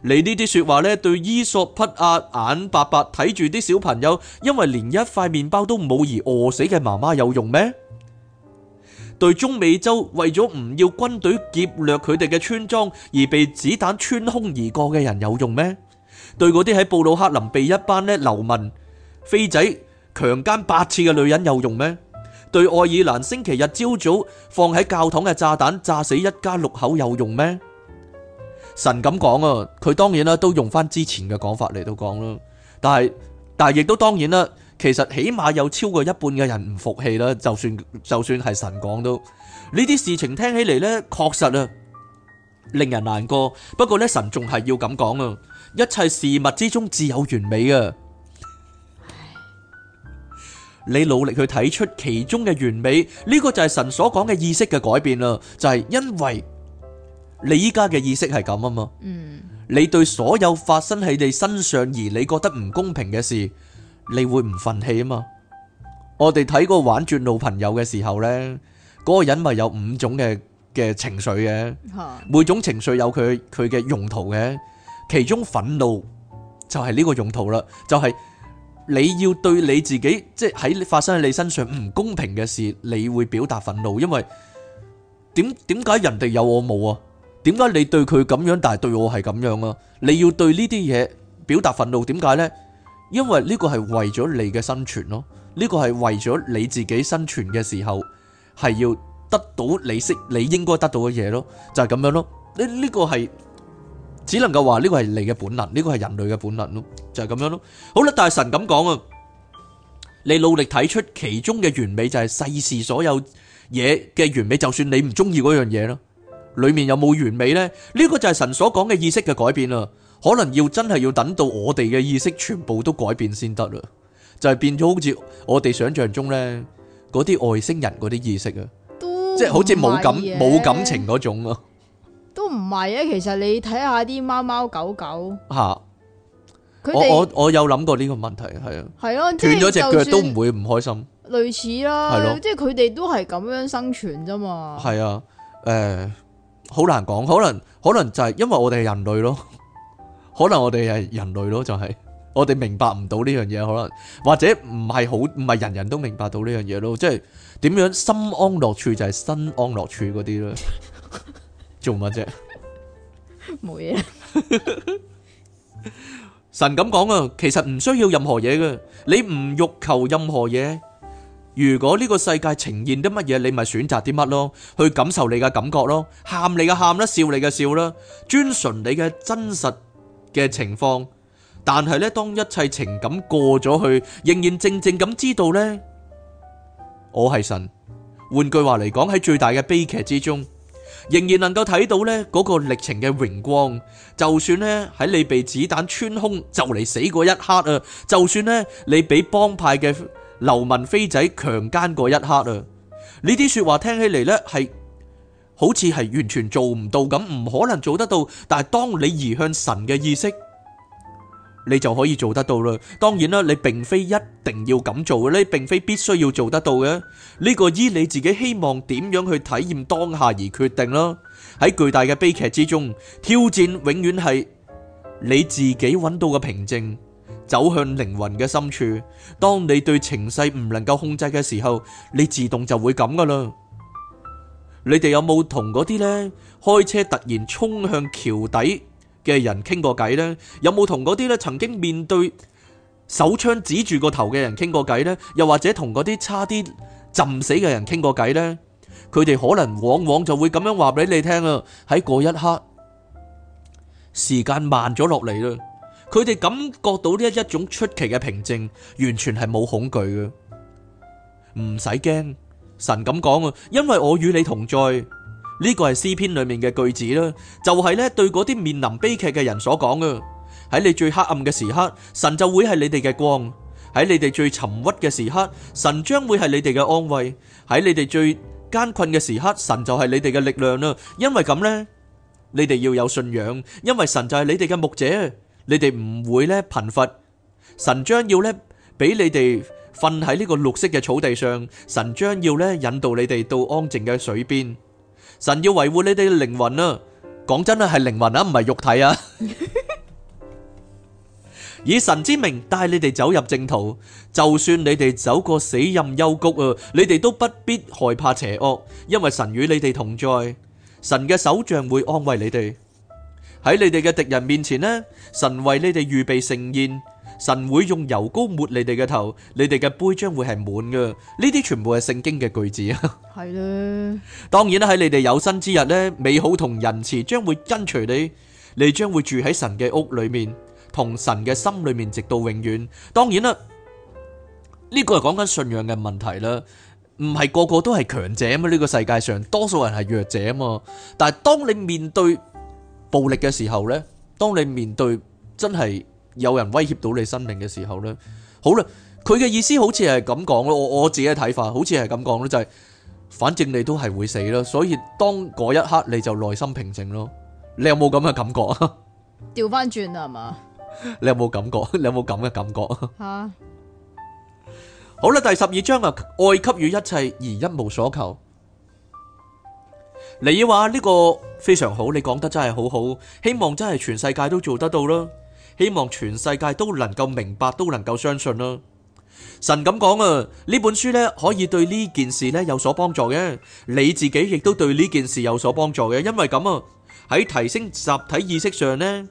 你呢啲說話呢，對伊索匹亞眼白白睇住啲小朋友，因為連一塊麵包都冇而餓死嘅媽媽有用咩？對中美洲為咗唔要軍隊劫掠佢哋嘅村莊而被子彈穿空而過嘅人有用咩？對嗰啲喺布魯克林被一班呢流民飛仔強姦八次嘅女人有用咩？對愛爾蘭星期日朝早放喺教堂嘅炸彈炸死一家六口有用咩？神咁講啊，佢當然啦，都用翻之前嘅講法嚟到講咯。但係，但係亦都當然啦，其實起碼有超過一半嘅人唔服氣啦。就算就算係神講都呢啲事情聽起嚟咧，確實啊，令人難過。不過咧，神仲係要咁講啊，一切事物之中自有完美啊。你努力去睇出其中嘅完美，呢個就係神所講嘅意識嘅改變啦，就係因為。你依家嘅意識係咁啊嘛，嗯，你對所有發生喺你身上而你覺得唔公平嘅事，你會唔忿氣啊嘛？我哋睇個玩轉腦朋友嘅時候咧，嗰個人咪有五種嘅嘅情緒嘅，每種情緒有佢佢嘅用途嘅，其中憤怒就係呢個用途啦，就係你要對你自己，即係喺發生喺你身上唔公平嘅事，你會表達憤怒，因為點點解人哋有我冇啊？點解你對佢咁樣，但係對我係咁樣啊？你要對呢啲嘢表達憤怒，點解呢？因為呢個係為咗你嘅生存咯，呢個係為咗你自己生存嘅時候，係要得到你識你應該得到嘅嘢咯，就係咁樣咯。呢呢個係只能夠話呢個係你嘅本能，呢個係人類嘅本能咯，就係咁樣咯。好啦，但係神咁講啊，你努力睇出其中嘅完美，就係世事所有嘢嘅完美，就算你唔中意嗰樣嘢咯。裏面有冇完美呢？呢個就係神所講嘅意識嘅改變啦，可能要真係要等到我哋嘅意識全部都改變先得啦，就係變咗好似我哋想象中呢嗰啲外星人嗰啲意識啊，即係好似冇感冇感情嗰種啊，都唔係啊，其實你睇下啲貓貓狗狗吓，我我我有諗過呢個問題，係啊，斷咗隻腳都唔會唔開心，類似啦，即係佢哋都係咁樣生存啫嘛，係啊，誒。好難講，可能可能就係因為我哋係人類咯，可能我哋係人類咯，就係我哋明白唔到呢樣嘢，可能或者唔係好唔係人人都明白到呢樣嘢咯，即係點樣心安樂處就係心安樂處嗰啲咯，做乜啫？冇嘢。神咁講啊，其實唔需要任何嘢嘅，你唔欲求任何嘢。如果呢個世界呈現啲乜嘢，你咪選擇啲乜咯，去感受你嘅感覺咯，喊你嘅喊啦，笑你嘅笑啦，遵循你嘅真實嘅情況。但係咧，當一切情感過咗去，仍然靜靜咁知道咧，我係神。換句話嚟講，喺最大嘅悲劇之中，仍然能夠睇到咧嗰個歷程嘅榮光。就算咧喺你被子彈穿胸就嚟死嗰一刻啊，就算咧你俾幫派嘅。劉文飛仔強奸嗰一刻啊！呢啲說話聽起嚟呢，係好似係完全做唔到咁，唔可能做得到。但係當你移向神嘅意識，你就可以做得到啦。當然啦，你並非一定要咁做嘅，你並非必須要做得到嘅。呢、這個依你自己希望點樣去體驗當下而決定啦。喺巨大嘅悲劇之中，挑戰永遠係你自己揾到嘅平靜，走向靈魂嘅深處。當你對情勢唔能夠控制嘅時候，你自動就會咁噶啦。你哋有冇同嗰啲呢開車突然衝向橋底嘅人傾過偈呢？有冇同嗰啲呢曾經面對手槍指住個頭嘅人傾過偈呢？又或者同嗰啲差啲浸死嘅人傾過偈呢？佢哋可能往往就會咁樣話俾你聽啦。喺嗰一刻，時間慢咗落嚟啦。佢哋感覺到呢一種出奇嘅平靜，完全係冇恐懼嘅，唔使驚。神咁講啊，因為我與你同在，呢個係詩篇裏面嘅句子啦，就係咧對嗰啲面臨悲劇嘅人所講嘅。喺你最黑暗嘅時刻，神就會係你哋嘅光；喺你哋最沉鬱嘅時刻，神將會係你哋嘅安慰；喺你哋最艱困嘅時刻，神就係你哋嘅力量啦。因為咁呢，你哋要有信仰，因為神就係你哋嘅牧者。你哋唔會咧貧乏，神將要咧俾你哋瞓喺呢個綠色嘅草地上，神將要咧引導你哋到安靜嘅水邊，神要維護你哋嘅靈魂啊！講真啊，係靈魂啊，唔係肉體啊！ 以神之名帶你哋走入正途，就算你哋走過死蔭幽谷啊，你哋都不必害怕邪惡，因為神與你哋同在，神嘅手杖會安慰你哋。喺你哋嘅敵人面前咧，神為你哋預備盛宴，神會用油膏抹你哋嘅頭，你哋嘅杯將會係滿嘅。呢啲全部係聖經嘅句子啊。係啦，當然啦，喺你哋有生之日咧，美好同仁慈將會跟隨你，你將會住喺神嘅屋裏面，同神嘅心裏面直到永遠。當然啦，呢個係講緊信仰嘅問題啦，唔係個個都係強者啊嘛，呢個世界上多數人係弱者啊嘛，但係當你面對...暴力嘅時候呢，當你面對真係有人威脅到你生命嘅時候呢，好啦，佢嘅意思好似係咁講咯，我我自己嘅睇法好似係咁講咯，就係反正你都係會死咯，所以當嗰一刻你就內心平靜咯，你有冇咁嘅感覺啊？調翻轉啦，係嘛？你有冇感覺？你有冇咁嘅感覺啊？吓，好啦，第十二章啊，愛給予一切而一無所求。你話呢個？非常好，你講得真係好好，希望真係全世界都做得到啦，希望全世界都能夠明白，都能夠相信啦。神咁講啊，呢本書呢，可以對呢件事呢有所幫助嘅，你自己亦都對呢件事有所幫助嘅，因為咁啊喺提升集體意識上呢，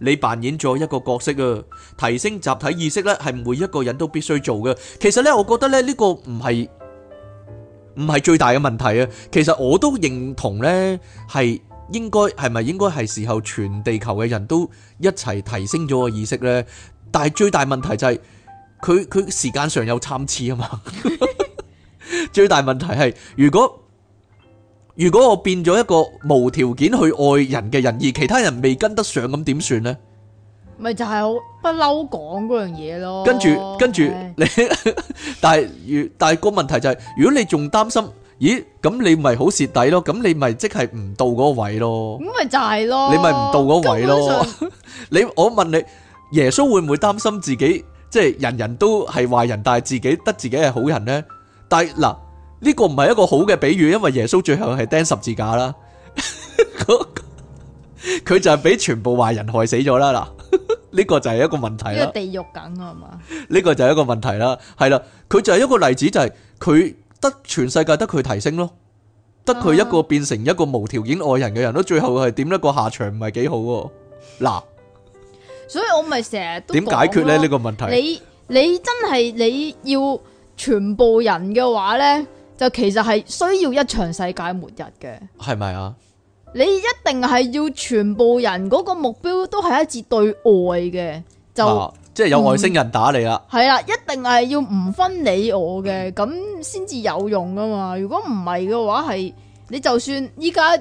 你扮演咗一個角色啊，提升集體意識呢，係每一個人都必須做嘅。其實呢，我覺得呢，呢個唔係唔係最大嘅問題啊。其實我都認同呢係。應該係咪應該係時候全地球嘅人都一齊提升咗個意識呢？但係最大問題就係佢佢時間上有參差啊嘛。最大問題係如果如果我變咗一個無條件去愛人嘅人，而其他人未跟得上，咁點算呢？咪就係好不嬲講嗰樣嘢咯。跟住跟住你，但係但係個問題就係，如果你仲擔心。咦，咁你咪好蝕底咯？咁你咪即係唔到嗰個位咯？咁咪就係咯，你咪唔到嗰位咯？你我問你，耶穌會唔會擔心自己即係人人都係壞人，但係自己得自己係好人咧？但係嗱，呢個唔係一個好嘅比喻，因為耶穌最後係釘十字架啦，佢就係俾全部壞人害死咗啦。嗱，呢個就係一個問題啦。一個地獄梗啊係嘛？呢個就係一個問題啦，係啦，佢就係一個例子，就係佢。得全世界得佢提升咯，得佢一個變成一個無條件愛人嘅人都、啊、最後係點一個下場，唔係幾好喎。嗱，所以我咪成日點解決咧呢個問題？你你真係你要全部人嘅話呢，就其實係需要一場世界末日嘅，係咪啊？你一定係要全部人嗰個目標都係一致對外嘅，就，啊即係有外星人打你啦，係啦，一定係要唔分你我嘅，咁先至有用啊嘛。如果唔係嘅話，係你就算依家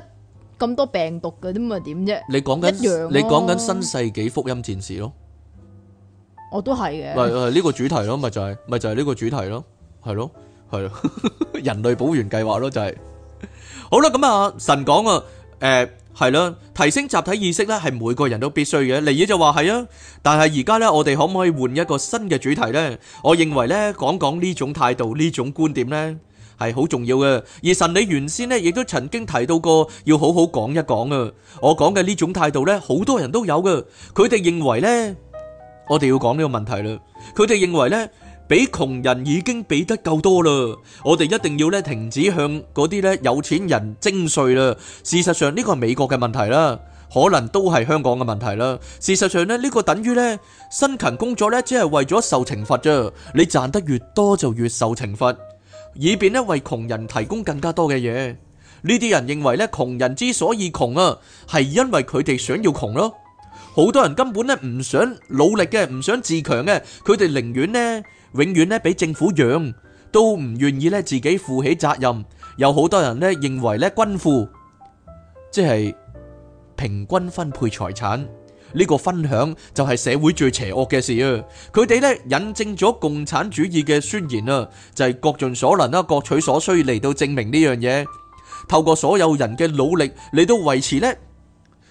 咁多病毒嘅，咁啊點啫？你講緊一樣嘢，你講緊新世紀福音戰士咯，我都係嘅。咪係呢個主題咯，咪就係咪就係呢個主題咯，係咯，係咯，人類補完計劃咯，就係好啦。咁啊，神講啊，誒。係啦，提升集體意識咧，係每個人都必須嘅。尼爾就話係啊，但係而家咧，我哋可唔可以換一個新嘅主題呢？我認為咧，講講呢種態度呢種觀點咧，係好重要嘅。而神你原先咧，亦都曾經提到過，要好好講一講啊。我講嘅呢種態度咧，好多人都有㗎，佢哋認為咧，我哋要講呢個問題啦。佢哋認為咧。俾窮人已經俾得夠多啦，我哋一定要咧停止向嗰啲咧有錢人徵稅啦。事實上呢、呢個係美國嘅問題啦，可能都係香港嘅問題啦。事實上咧呢、呢個等於咧辛勤工作咧只係為咗受懲罰啫，你賺得越多就越受懲罰，以便咧為窮人提供更加多嘅嘢。呢啲人認為咧窮人之所以窮啊，係因為佢哋想要窮咯。好多人根本咧唔想努力嘅，唔想自強嘅，佢哋寧願呢。永遠咧俾政府養，都唔願意咧自己負起責任。有好多人咧認為咧均富，即係平均分配財產，呢個分享就係社會最邪惡嘅事啊！佢哋咧引證咗共產主義嘅宣言啊，就係各盡所能啦，各取所需嚟到證明呢樣嘢。透過所有人嘅努力嚟到維持呢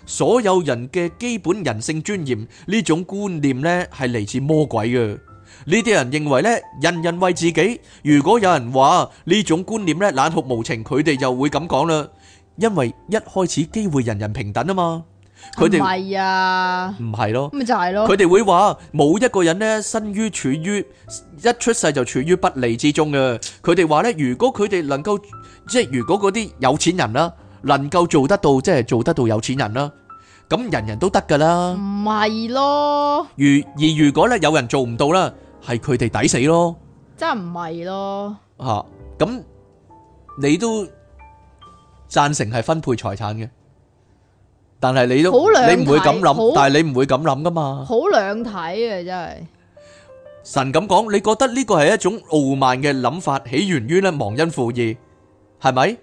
所有人嘅基本人性尊嚴呢種觀念呢係嚟自魔鬼嘅。呢啲人認為咧，人人為自己。如果有人話呢種觀念咧，冷酷無情，佢哋就會咁講啦。因為一開始機會人人平等啊嘛，佢哋唔係啊，唔係咯，咁咪就係咯。佢哋會話冇一個人咧，身於處於一出世就處於不利之中嘅。佢哋話咧，如果佢哋能夠即係，如果嗰啲有錢人啦，能夠做得到，即係做得到有錢人啦，咁人人都得噶啦，唔係咯？如而如果咧，有人做唔到啦？係佢哋抵死咯，真係唔係咯吓？咁你都贊成係分配財產嘅，但係你都你唔會咁諗，但係你唔會咁諗噶嘛？好兩睇啊，真係！神咁講，你覺得呢個係一種傲慢嘅諗法，起源於咧忘恩負義，係咪？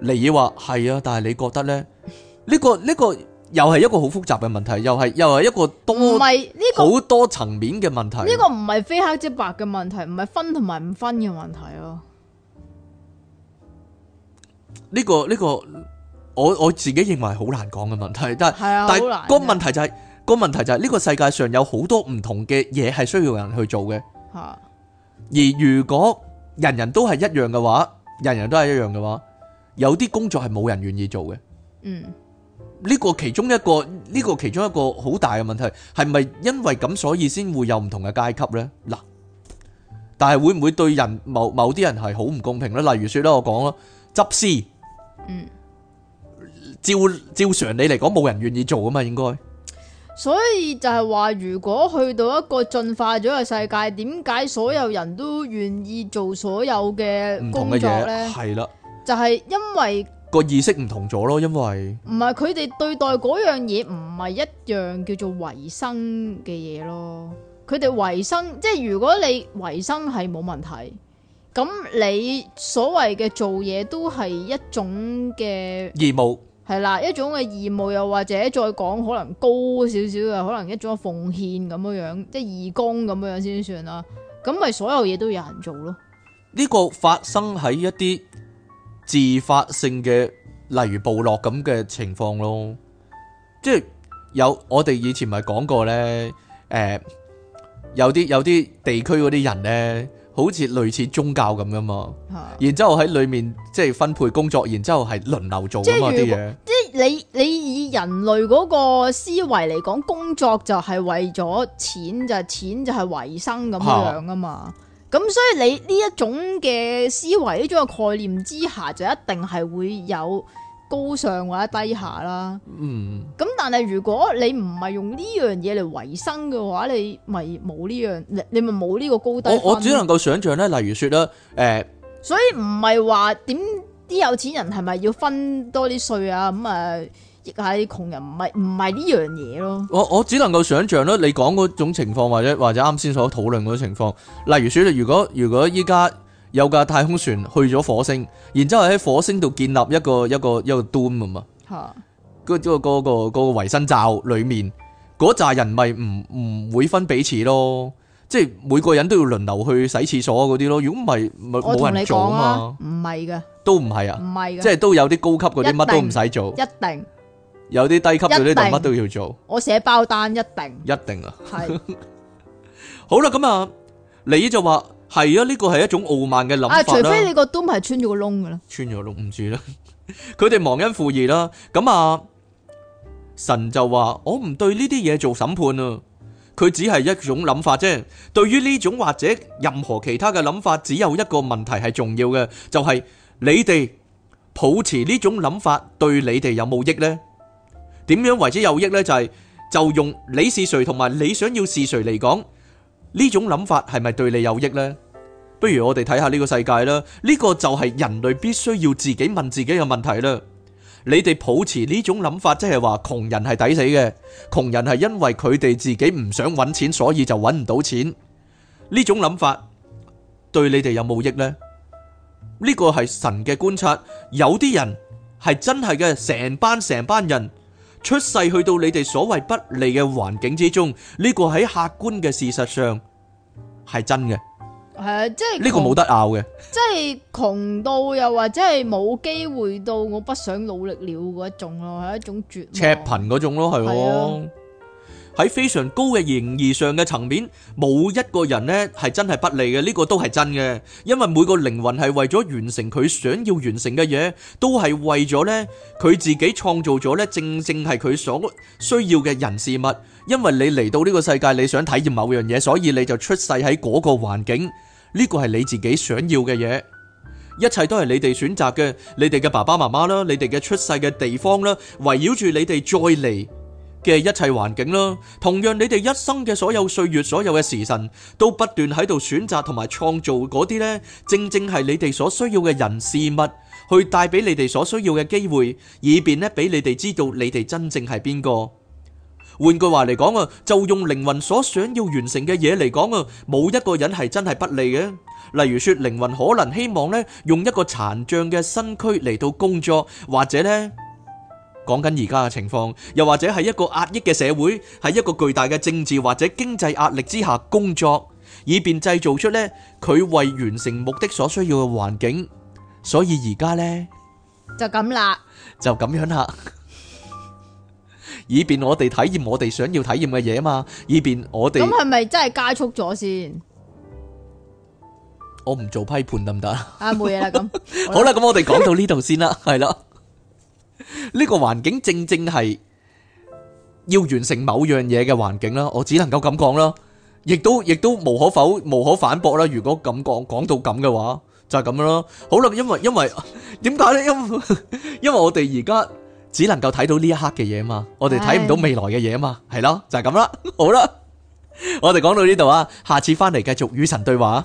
尼爾話係啊，但係你覺得咧呢個呢個？又係一個好複雜嘅問題，又係又係一個多，唔係，呢個，好多層面嘅問題。呢個唔係非黑即白嘅問題，唔係分同埋唔分嘅問題咯。呢個呢個，我我自己認為係好難講嘅問題。但係，係啊，但係個問題就係個問題就係呢個世界上有好多唔同嘅嘢係需要人去做嘅。吓，而如果人人都係一樣嘅話，人人都係一樣嘅話，有啲工作係冇人願意做嘅。嗯。呢個其中一個呢個其中一個好大嘅問題係咪因為咁所以先會有唔同嘅階級咧？嗱，但係會唔會對人某某啲人係好唔公平咧？例如，說咧我講咯，執屍，嗯，照照常理嚟講冇人願意做噶嘛，應該。所以就係話，如果去到一個進化咗嘅世界，點解所有人都願意做所有嘅工作咧？係啦，就係因為。個意識唔同咗咯，因為唔係佢哋對待嗰樣嘢唔係一樣叫做維生嘅嘢咯，佢哋維生即係如果你維生係冇問題，咁你所謂嘅做嘢都係一種嘅義務係啦，一種嘅義務又或者再講可能高少少嘅，可能一種奉獻咁樣樣，即係義工咁樣樣先算啦，咁咪所有嘢都有人做咯。呢個發生喺一啲自發性嘅，例如部落咁嘅情況咯，即係有我哋以前咪講過咧，誒、呃、有啲有啲地區嗰啲人咧，好似類似宗教咁噶嘛，的然之後喺裏面即係分配工作，然之後係輪流做啊嘛，啲嘢，即係你你以人類嗰個思維嚟講，工作就係為咗錢，就係錢就係維生咁樣啊嘛。咁所以你呢一種嘅思維，呢種嘅概念之下，就一定係會有高尚或者低下啦。嗯。咁但係如果你唔係用呢樣嘢嚟維生嘅話，你咪冇呢樣，你你咪冇呢個高低分。我，我只能夠想象咧，例如說啦，誒、呃。所以唔係話點啲有錢人係咪要分多啲稅啊？咁、嗯、啊。呃亦係窮人唔係唔係呢樣嘢咯。我我只能夠想像咯，你講嗰種情況，或者或者啱先所討論嗰種情況，例如説你如果如果依家有架太空船去咗火星，然之後喺火星度建立一個一個一個端咁嘛，嚇是，嗰個、嗰個、嗰個個、嗰個衞生罩裡面嗰扎人咪唔唔會分彼此咯，即係每個人都要輪流去洗廁所嗰啲咯。如果唔係冇人做啊嘛，唔係嘅，都唔係啊，唔係嘅，即係都有啲高級嗰啲乜都唔使做一，一定。有啲低級嘅呢度乜都要做。我寫包單一定，一定啊。係好啦，咁啊，你就話係啊？呢個係一種傲慢嘅諗法啦。除非你個都唔係穿咗個窿噶啦，穿咗個窿唔住啦。佢哋忘恩負義啦。咁啊，神就話我唔對呢啲嘢做審判啊。佢只係一種諗法啫。對於呢種或者任何其他嘅諗法，只有一個問題係重要嘅，就係你哋抱持呢種諗法對你哋有冇益咧？點樣為之有益呢？就係、是、就用你是誰同埋你想要誰想是誰嚟講呢種諗法係咪對你有益呢？不如我哋睇下呢個世界啦。呢，這個就係人類必須要自己問自己嘅問題啦。你哋抱持呢種諗法，即係話窮人係抵死嘅，窮人係因為佢哋自己唔想揾錢，所以就揾唔到錢。呢種諗法對你哋有冇益呢？呢個係神嘅觀察，有啲人係真係嘅，成班成班人，出世去到你哋所謂不利嘅環境之中，呢個喺客觀嘅事實上係真嘅。係啊，即係呢個冇得拗嘅。即係窮到又或者係冇機會到，我不想努力了嗰一種咯，係一種絕赤貧嗰種咯，係。喺非常高嘅形而上嘅層面，冇一個人呢係真係不利嘅，呢、這個都係真嘅。因為每個靈魂係為咗完成佢想要完成嘅嘢，都係為咗呢佢自己創造咗呢正正係佢所需要嘅人事物。因為你嚟到呢個世界，你想體驗某樣嘢，所以你就出世喺嗰個環境。呢、這個係你自己想要嘅嘢，一切都係你哋選擇嘅。你哋嘅爸爸媽媽啦，你哋嘅出世嘅地方啦，圍繞住你哋再嚟，嘅一切環境啦，同樣你哋一生嘅所有歲月、所有嘅時辰，都不斷喺度選擇同埋創造嗰啲呢，正正係你哋所需要嘅人事物，去帶俾你哋所需要嘅機會，以便呢俾你哋知道你哋真正係邊個。換句話嚟講啊，就用靈魂所想要完成嘅嘢嚟講啊，冇一個人係真係不利嘅。例如說，靈魂可能希望呢用一個殘障嘅身軀嚟到工作，或者呢。講緊而家嘅情況，又或者係一個壓抑嘅社會，喺一個巨大嘅政治或者經濟壓力之下工作，以便製造出呢佢為完成目的所需要嘅環境。所以而家呢就咁啦，就咁樣啦，以便我哋體驗我哋想要體驗嘅嘢啊嘛，以便我哋咁係咪真係加速咗先？我唔做批判得唔得啊？啊，冇嘢啦，咁好啦，咁我哋講到呢度先啦，係啦。呢個環境正正係要完成某樣嘢嘅環境啦，我只能夠咁講啦，亦都亦都無可否無可反駁啦。如果咁講講到咁嘅話，就係、是、咁樣咯。好啦，因為因為點解咧？因為，因為，為，因，為因為我哋而家只能夠睇到呢一刻嘅嘢嘛，我哋睇唔到未來嘅嘢啊嘛，係咯，就係咁啦。好啦，我哋講到呢度啊，下次翻嚟繼續與神對話。